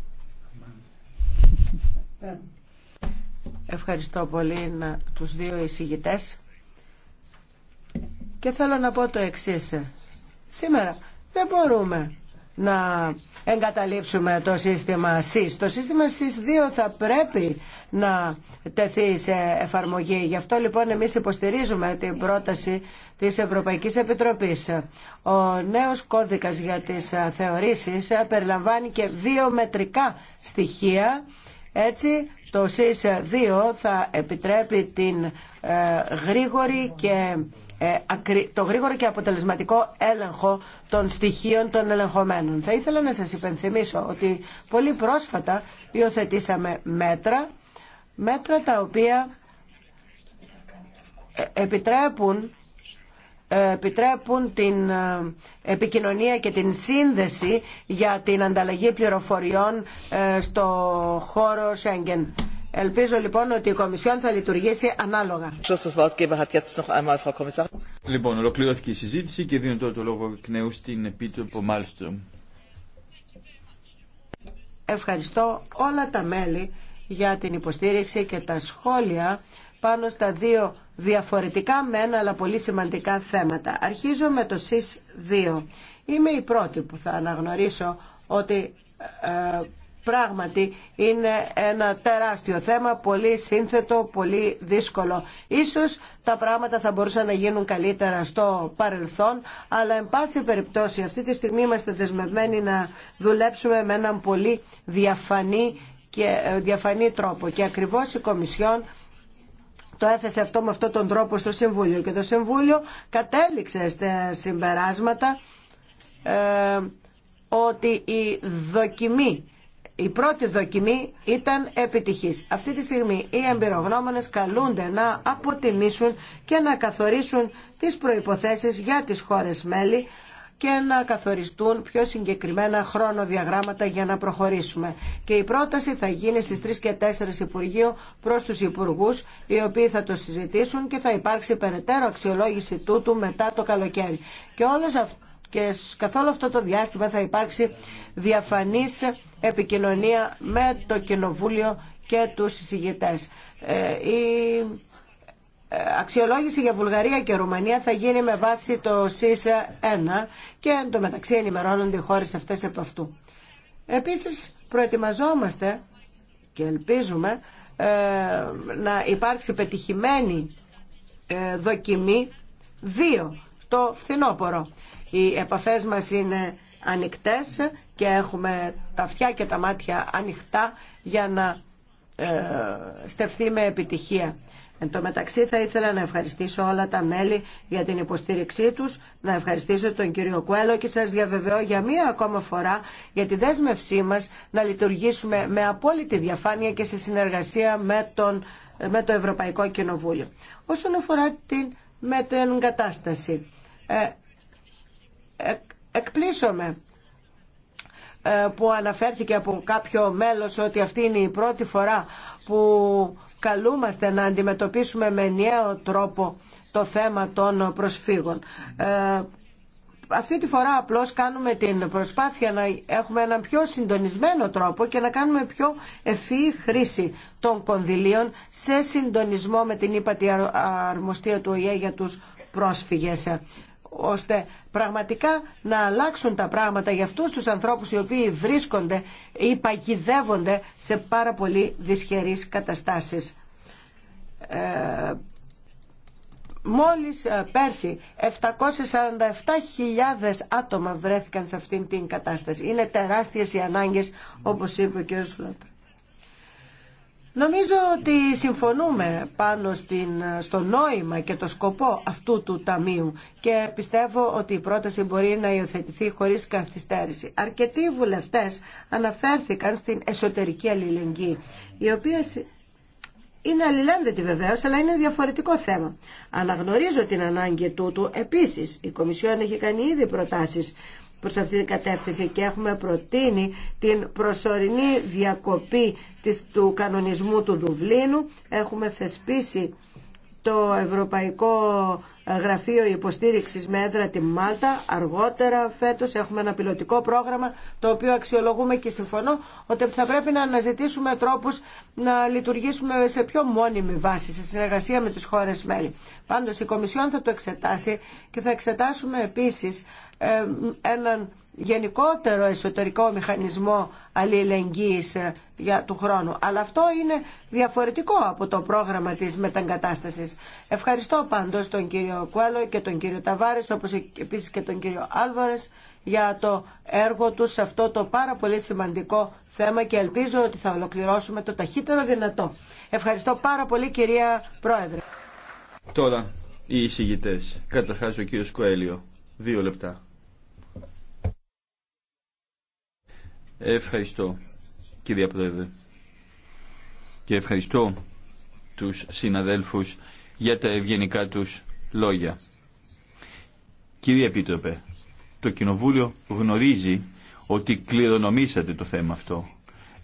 Ευχαριστώ πολύ του τους δύο εισηγητές. Και θέλω να πω το εξής. Σήμερα δεν μπορούμε να εγκαταλείψουμε το σύστημα ΣΥΣ. Το σύστημα ΣΥΣ 2 θα πρέπει να τεθεί σε εφαρμογή. Γι' αυτό λοιπόν εμείς υποστηρίζουμε την πρόταση της Ευρωπαϊκής Επιτροπής. Ο νέος κώδικας για τις θεωρήσεις περιλαμβάνει και βιομετρικά στοιχεία. Έτσι το ΣΥΣ 2 θα επιτρέπει την ε, γρήγορη και ε, το γρήγορο και αποτελεσματικό έλεγχο των στοιχείων των ελεγχομένων. Θα ήθελα να σας υπενθυμίσω ότι πολύ πρόσφατα υιοθετήσαμε μέτρα, μέτρα τα οποία ε, επιτρέπουν ε, επιτρέπουν την επικοινωνία και την σύνδεση για την ανταλλαγή πληροφοριών στο χώρο Σέγγεν. Ελπίζω λοιπόν ότι η Κομισιόν θα λειτουργήσει ανάλογα. Λοιπόν, ολοκληρώθηκε η συζήτηση και δίνω τώρα το Ευχαριστώ όλα τα μέλη για την υποστήριξη και τα σχόλια πάνω στα δύο διαφορετικά μένα αλλά πολύ σημαντικά θέματα. Αρχίζω με το ΣΥΣ 2. Είμαι η πρώτη που θα αναγνωρίσω ότι ε, πράγματι είναι ένα τεράστιο θέμα, πολύ σύνθετο, πολύ δύσκολο. Ίσως τα πράγματα θα μπορούσαν να γίνουν καλύτερα στο παρελθόν, αλλά εν πάση περιπτώσει αυτή τη στιγμή είμαστε δεσμευμένοι να δουλέψουμε με έναν πολύ διαφανή, και, ε, διαφανή τρόπο. Και ακριβώς η Κομισιόν το έθεσε αυτό με αυτόν τον τρόπο στο Συμβούλιο και το Συμβούλιο κατέληξε στα συμπεράσματα ε, ότι η δοκιμή η πρώτη δοκιμή ήταν επιτυχής. Αυτή τη στιγμή οι εμπειρογνώμονες καλούνται να αποτιμήσουν και να καθορίσουν τις προϋποθέσεις για τις χώρες μέλη και να καθοριστούν πιο συγκεκριμένα χρονοδιαγράμματα για να προχωρήσουμε. Και η πρόταση θα γίνει στις 3 και 4 Υπουργείου προς τους Υπουργούς, οι οποίοι θα το συζητήσουν και θα υπάρξει περαιτέρω αξιολόγηση τούτου μετά το καλοκαίρι. Και όλες αυτές και καθ' όλο αυτό το διάστημα θα υπάρξει διαφανής επικοινωνία με το Κοινοβούλιο και τους συζητητές. Ε, η ε, αξιολόγηση για Βουλγαρία και Ρουμανία θα γίνει με βάση το ΣΥΣΑ 1 και εντωμεταξύ ενημερώνονται οι χώρες αυτές από αυτού. Επίσης προετοιμαζόμαστε και ελπίζουμε ε, να υπάρξει πετυχημένη δοκιμή δύο το φθινόπωρο. Οι επαφές μας είναι ανοιχτές και έχουμε τα αυτιά και τα μάτια ανοιχτά για να ε, στεφθεί με επιτυχία. Εν τω μεταξύ θα ήθελα να ευχαριστήσω όλα τα μέλη για την υποστήριξή τους, να ευχαριστήσω τον κύριο Κουέλο και σας διαβεβαιώ για μία ακόμα φορά για τη δέσμευσή μας να λειτουργήσουμε με απόλυτη διαφάνεια και σε συνεργασία με, το Ευρωπαϊκό Κοινοβούλιο. Όσον αφορά την μετεγκατάσταση, ε, εκπλήσωμε που αναφέρθηκε από κάποιο μέλος ότι αυτή είναι η πρώτη φορά που καλούμαστε να αντιμετωπίσουμε με ενιαίο τρόπο το θέμα των προσφύγων. Ε, αυτή τη φορά απλώς κάνουμε την προσπάθεια να έχουμε έναν πιο συντονισμένο τρόπο και να κάνουμε πιο ευφυή χρήση των κονδυλίων σε συντονισμό με την ύπατη αρμοστία του ΟΗΕ για τους πρόσφυγες ώστε πραγματικά να αλλάξουν τα πράγματα για αυτούς τους ανθρώπους οι οποίοι βρίσκονται ή παγιδεύονται σε πάρα πολύ δυσχερείς καταστάσεις. Ε, μόλις ε, πέρσι 747.000 άτομα βρέθηκαν σε αυτήν την κατάσταση. Είναι τεράστιες οι ανάγκες όπως είπε ο κ. Φλάτρα. Νομίζω ότι συμφωνούμε πάνω στην, στο νόημα και το σκοπό αυτού του Ταμείου και πιστεύω ότι η πρόταση μπορεί να υιοθετηθεί χωρίς καθυστέρηση. Αρκετοί βουλευτές αναφέρθηκαν στην εσωτερική αλληλεγγύη, η οποία είναι αλληλένδετη βεβαίως, αλλά είναι διαφορετικό θέμα. Αναγνωρίζω την ανάγκη τούτου. Επίσης, η Κομισιόν έχει κάνει ήδη προτάσεις προς αυτήν την κατεύθυνση και έχουμε προτείνει την προσωρινή διακοπή του κανονισμού του Δουβλίνου. Έχουμε θεσπίσει το Ευρωπαϊκό Γραφείο Υποστήριξης με έδρα τη Μάλτα. Αργότερα φέτος έχουμε ένα πιλωτικό πρόγραμμα το οποίο αξιολογούμε και συμφωνώ ότι θα πρέπει να αναζητήσουμε τρόπους να λειτουργήσουμε σε πιο μόνιμη βάση, σε συνεργασία με τις χώρες μέλη. Πάντως η Κομισιόν θα το εξετάσει και θα εξετάσουμε επίσης ε, έναν γενικότερο εσωτερικό μηχανισμό αλληλεγγύης ε, για του χρόνου. Αλλά αυτό είναι διαφορετικό από το πρόγραμμα της μεταγκατάστασης. Ευχαριστώ πάντως τον κύριο Κουέλο και τον κύριο Ταβάρης, όπως επίσης και τον κύριο Άλβαρες, για το έργο τους σε αυτό το πάρα πολύ σημαντικό θέμα και ελπίζω ότι θα ολοκληρώσουμε το ταχύτερο δυνατό. Ευχαριστώ πάρα πολύ κυρία Πρόεδρε. Τώρα οι εισηγητές. Καταρχάς ο κύριος Κουέλιο. Δύο λεπτά. Ευχαριστώ, κυρία Πρόεδρε. Και ευχαριστώ τους συναδέλφους για τα ευγενικά τους λόγια. Κύριε Επίτροπε, το Κοινοβούλιο γνωρίζει ότι κληρονομήσατε το θέμα αυτό.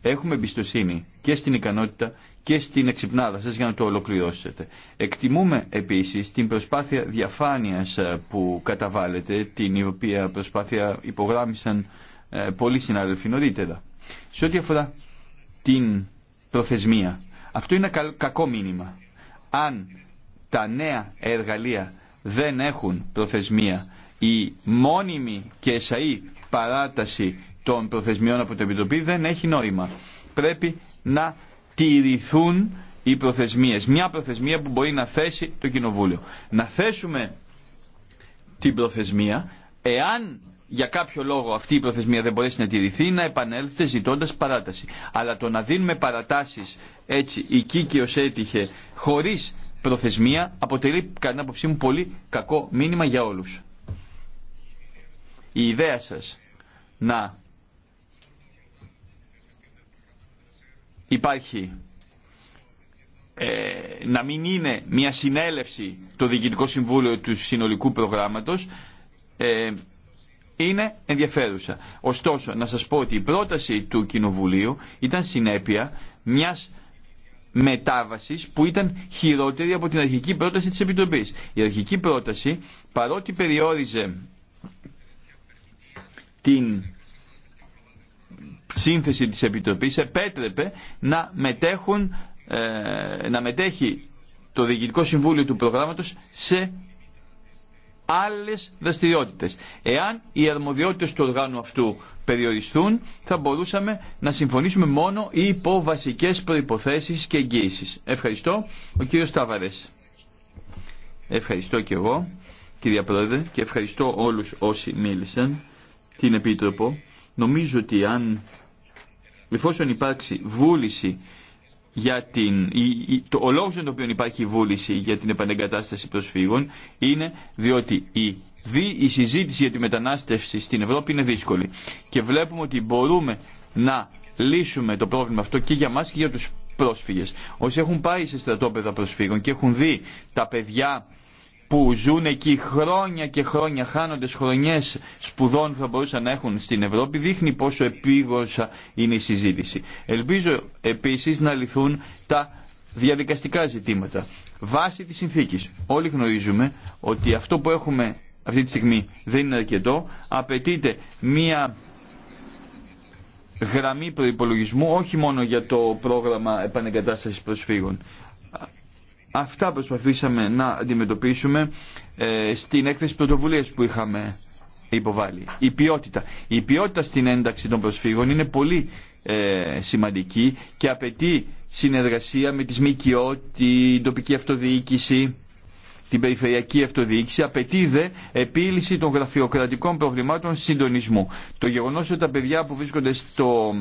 Έχουμε εμπιστοσύνη και στην ικανότητα και στην εξυπνάδα σας για να το ολοκληρώσετε. Εκτιμούμε επίσης την προσπάθεια διαφάνειας ε, που καταβάλλετε, την οποία προσπάθεια υπογράμμισαν ε, πολλοί συνάδελφοι νωρίτερα. Σε ό,τι αφορά την προθεσμία, αυτό είναι ένα κακό μήνυμα. Αν τα νέα εργαλεία δεν έχουν προθεσμία, η μόνιμη και εσαή παράταση των προθεσμιών από την Επιτροπή δεν έχει νόημα. Πρέπει να τηρηθούν οι προθεσμίες. Μια προθεσμία που μπορεί να θέσει το Κοινοβούλιο. Να θέσουμε την προθεσμία εάν για κάποιο λόγο αυτή η προθεσμία δεν μπορέσει να τηρηθεί, να επανέλθετε ζητώντα παράταση. Αλλά το να δίνουμε παρατάσει έτσι η Κίκαιο έτυχε χωρί προθεσμία αποτελεί κατά την άποψή μου πολύ κακό μήνυμα για όλου. Η ιδέα σα να υπάρχει ε, να μην είναι μια συνέλευση το Διοικητικό Συμβούλιο του Συνολικού Προγράμματος ε, είναι ενδιαφέρουσα. Ωστόσο, να σας πω ότι η πρόταση του Κοινοβουλίου ήταν συνέπεια μιας μετάβασης που ήταν χειρότερη από την αρχική πρόταση της Επιτροπής. Η αρχική πρόταση, παρότι περιόριζε την σύνθεση της Επιτροπής, επέτρεπε να, μετέχουν, ε, να μετέχει το Διοικητικό Συμβούλιο του Προγράμματος σε Άλλε δραστηριότητε. Εάν οι αρμοδιότητε του οργάνου αυτού περιοριστούν, θα μπορούσαμε να συμφωνήσουμε μόνο υπό βασικές προποθέσει και εγγύησει. Ευχαριστώ. Ο κύριο Τάβαρες. Ευχαριστώ και εγώ, κυρία Πρόεδρε, και ευχαριστώ όλους όσοι μίλησαν, την Επίτροπο. Νομίζω ότι αν, εφόσον υπάρξει βούληση για την, το, ο λόγος για τον οποίο υπάρχει βούληση για την επανεγκατάσταση προσφύγων είναι διότι η, η συζήτηση για τη μετανάστευση στην Ευρώπη είναι δύσκολη και βλέπουμε ότι μπορούμε να λύσουμε το πρόβλημα αυτό και για μας και για τους πρόσφυγες. Όσοι έχουν πάει σε στρατόπεδα προσφύγων και έχουν δει τα παιδιά που ζουν εκεί χρόνια και χρόνια, χάνοντας χρονιέ σπουδών που θα μπορούσαν να έχουν στην Ευρώπη, δείχνει πόσο επίγωσα είναι η συζήτηση. Ελπίζω επίσης να λυθούν τα διαδικαστικά ζητήματα. Βάσει της συνθήκη. Όλοι γνωρίζουμε ότι αυτό που έχουμε αυτή τη στιγμή δεν είναι αρκετό. Απαιτείται μία γραμμή προπολογισμού, όχι μόνο για το πρόγραμμα επανεγκατάστασης προσφύγων Αυτά προσπαθήσαμε να αντιμετωπίσουμε ε, στην έκθεση πρωτοβουλία που είχαμε υποβάλει. Η ποιότητα. Η ποιότητα στην ένταξη των προσφύγων είναι πολύ ε, σημαντική και απαιτεί συνεργασία με τις ΜΚΟ, την τοπική αυτοδιοίκηση, την περιφερειακή αυτοδιοίκηση, απαιτεί δε επίλυση των γραφειοκρατικών προβλημάτων συντονισμού. Το γεγονός ότι τα παιδιά που βρίσκονται στο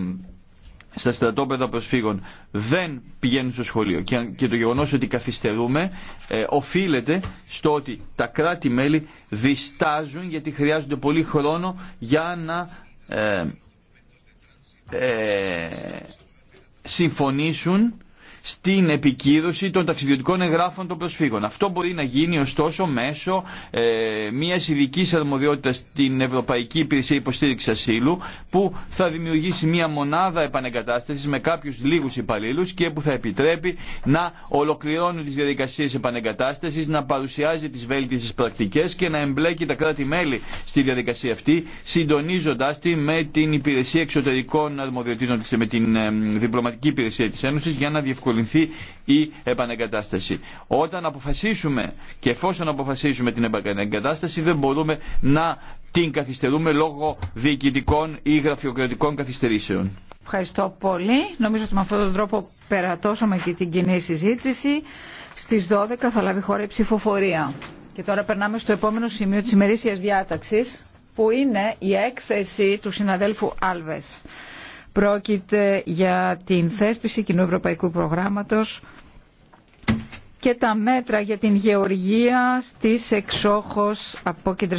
στα στρατόπεδα προσφύγων δεν πηγαίνουν στο σχολείο και το γεγονός ότι καθυστερούμε ε, οφείλεται στο ότι τα κράτη-μέλη διστάζουν γιατί χρειάζονται πολύ χρόνο για να ε, ε, συμφωνήσουν στην επικύρωση των ταξιδιωτικών εγγράφων των προσφύγων. Αυτό μπορεί να γίνει ωστόσο μέσω ε, μια ειδική αρμοδιότητα στην Ευρωπαϊκή Υπηρεσία Υποστήριξη Ασύλου που θα δημιουργήσει μια μονάδα επανεγκατάσταση με κάποιου λίγου υπαλλήλου και που θα επιτρέπει να ολοκληρώνουν τι διαδικασίε επανεγκατάσταση, να παρουσιάζει τι βέλτιστε πρακτικέ και να εμπλέκει τα κράτη-μέλη στη διαδικασία αυτή, συντονίζοντά τη με την Υπηρεσία Εξωτερικών Αρμοδιοτήτων, με την Διπλωματική Υπηρεσία τη Ένωση για να διευκολύνει διευκολυνθεί η επανεγκατάσταση. Όταν αποφασίσουμε και εφόσον αποφασίσουμε την επανεγκατάσταση δεν μπορούμε να την καθυστερούμε λόγω διοικητικών ή γραφειοκρατικών καθυστερήσεων. Ευχαριστώ πολύ. Νομίζω ότι με αυτόν τον τρόπο περατώσαμε και την κοινή συζήτηση. Στις 12 θα λάβει χώρα η ψηφοφορία. Και τώρα περνάμε στο επόμενο σημείο της ημερήσιας διάταξης που είναι η έκθεση του συναδέλφου Άλβες. Πρόκειται για την θέσπιση κοινού ευρωπαϊκού προγράμματος και τα μέτρα για την γεωργία στις εξόχως απόκεντρες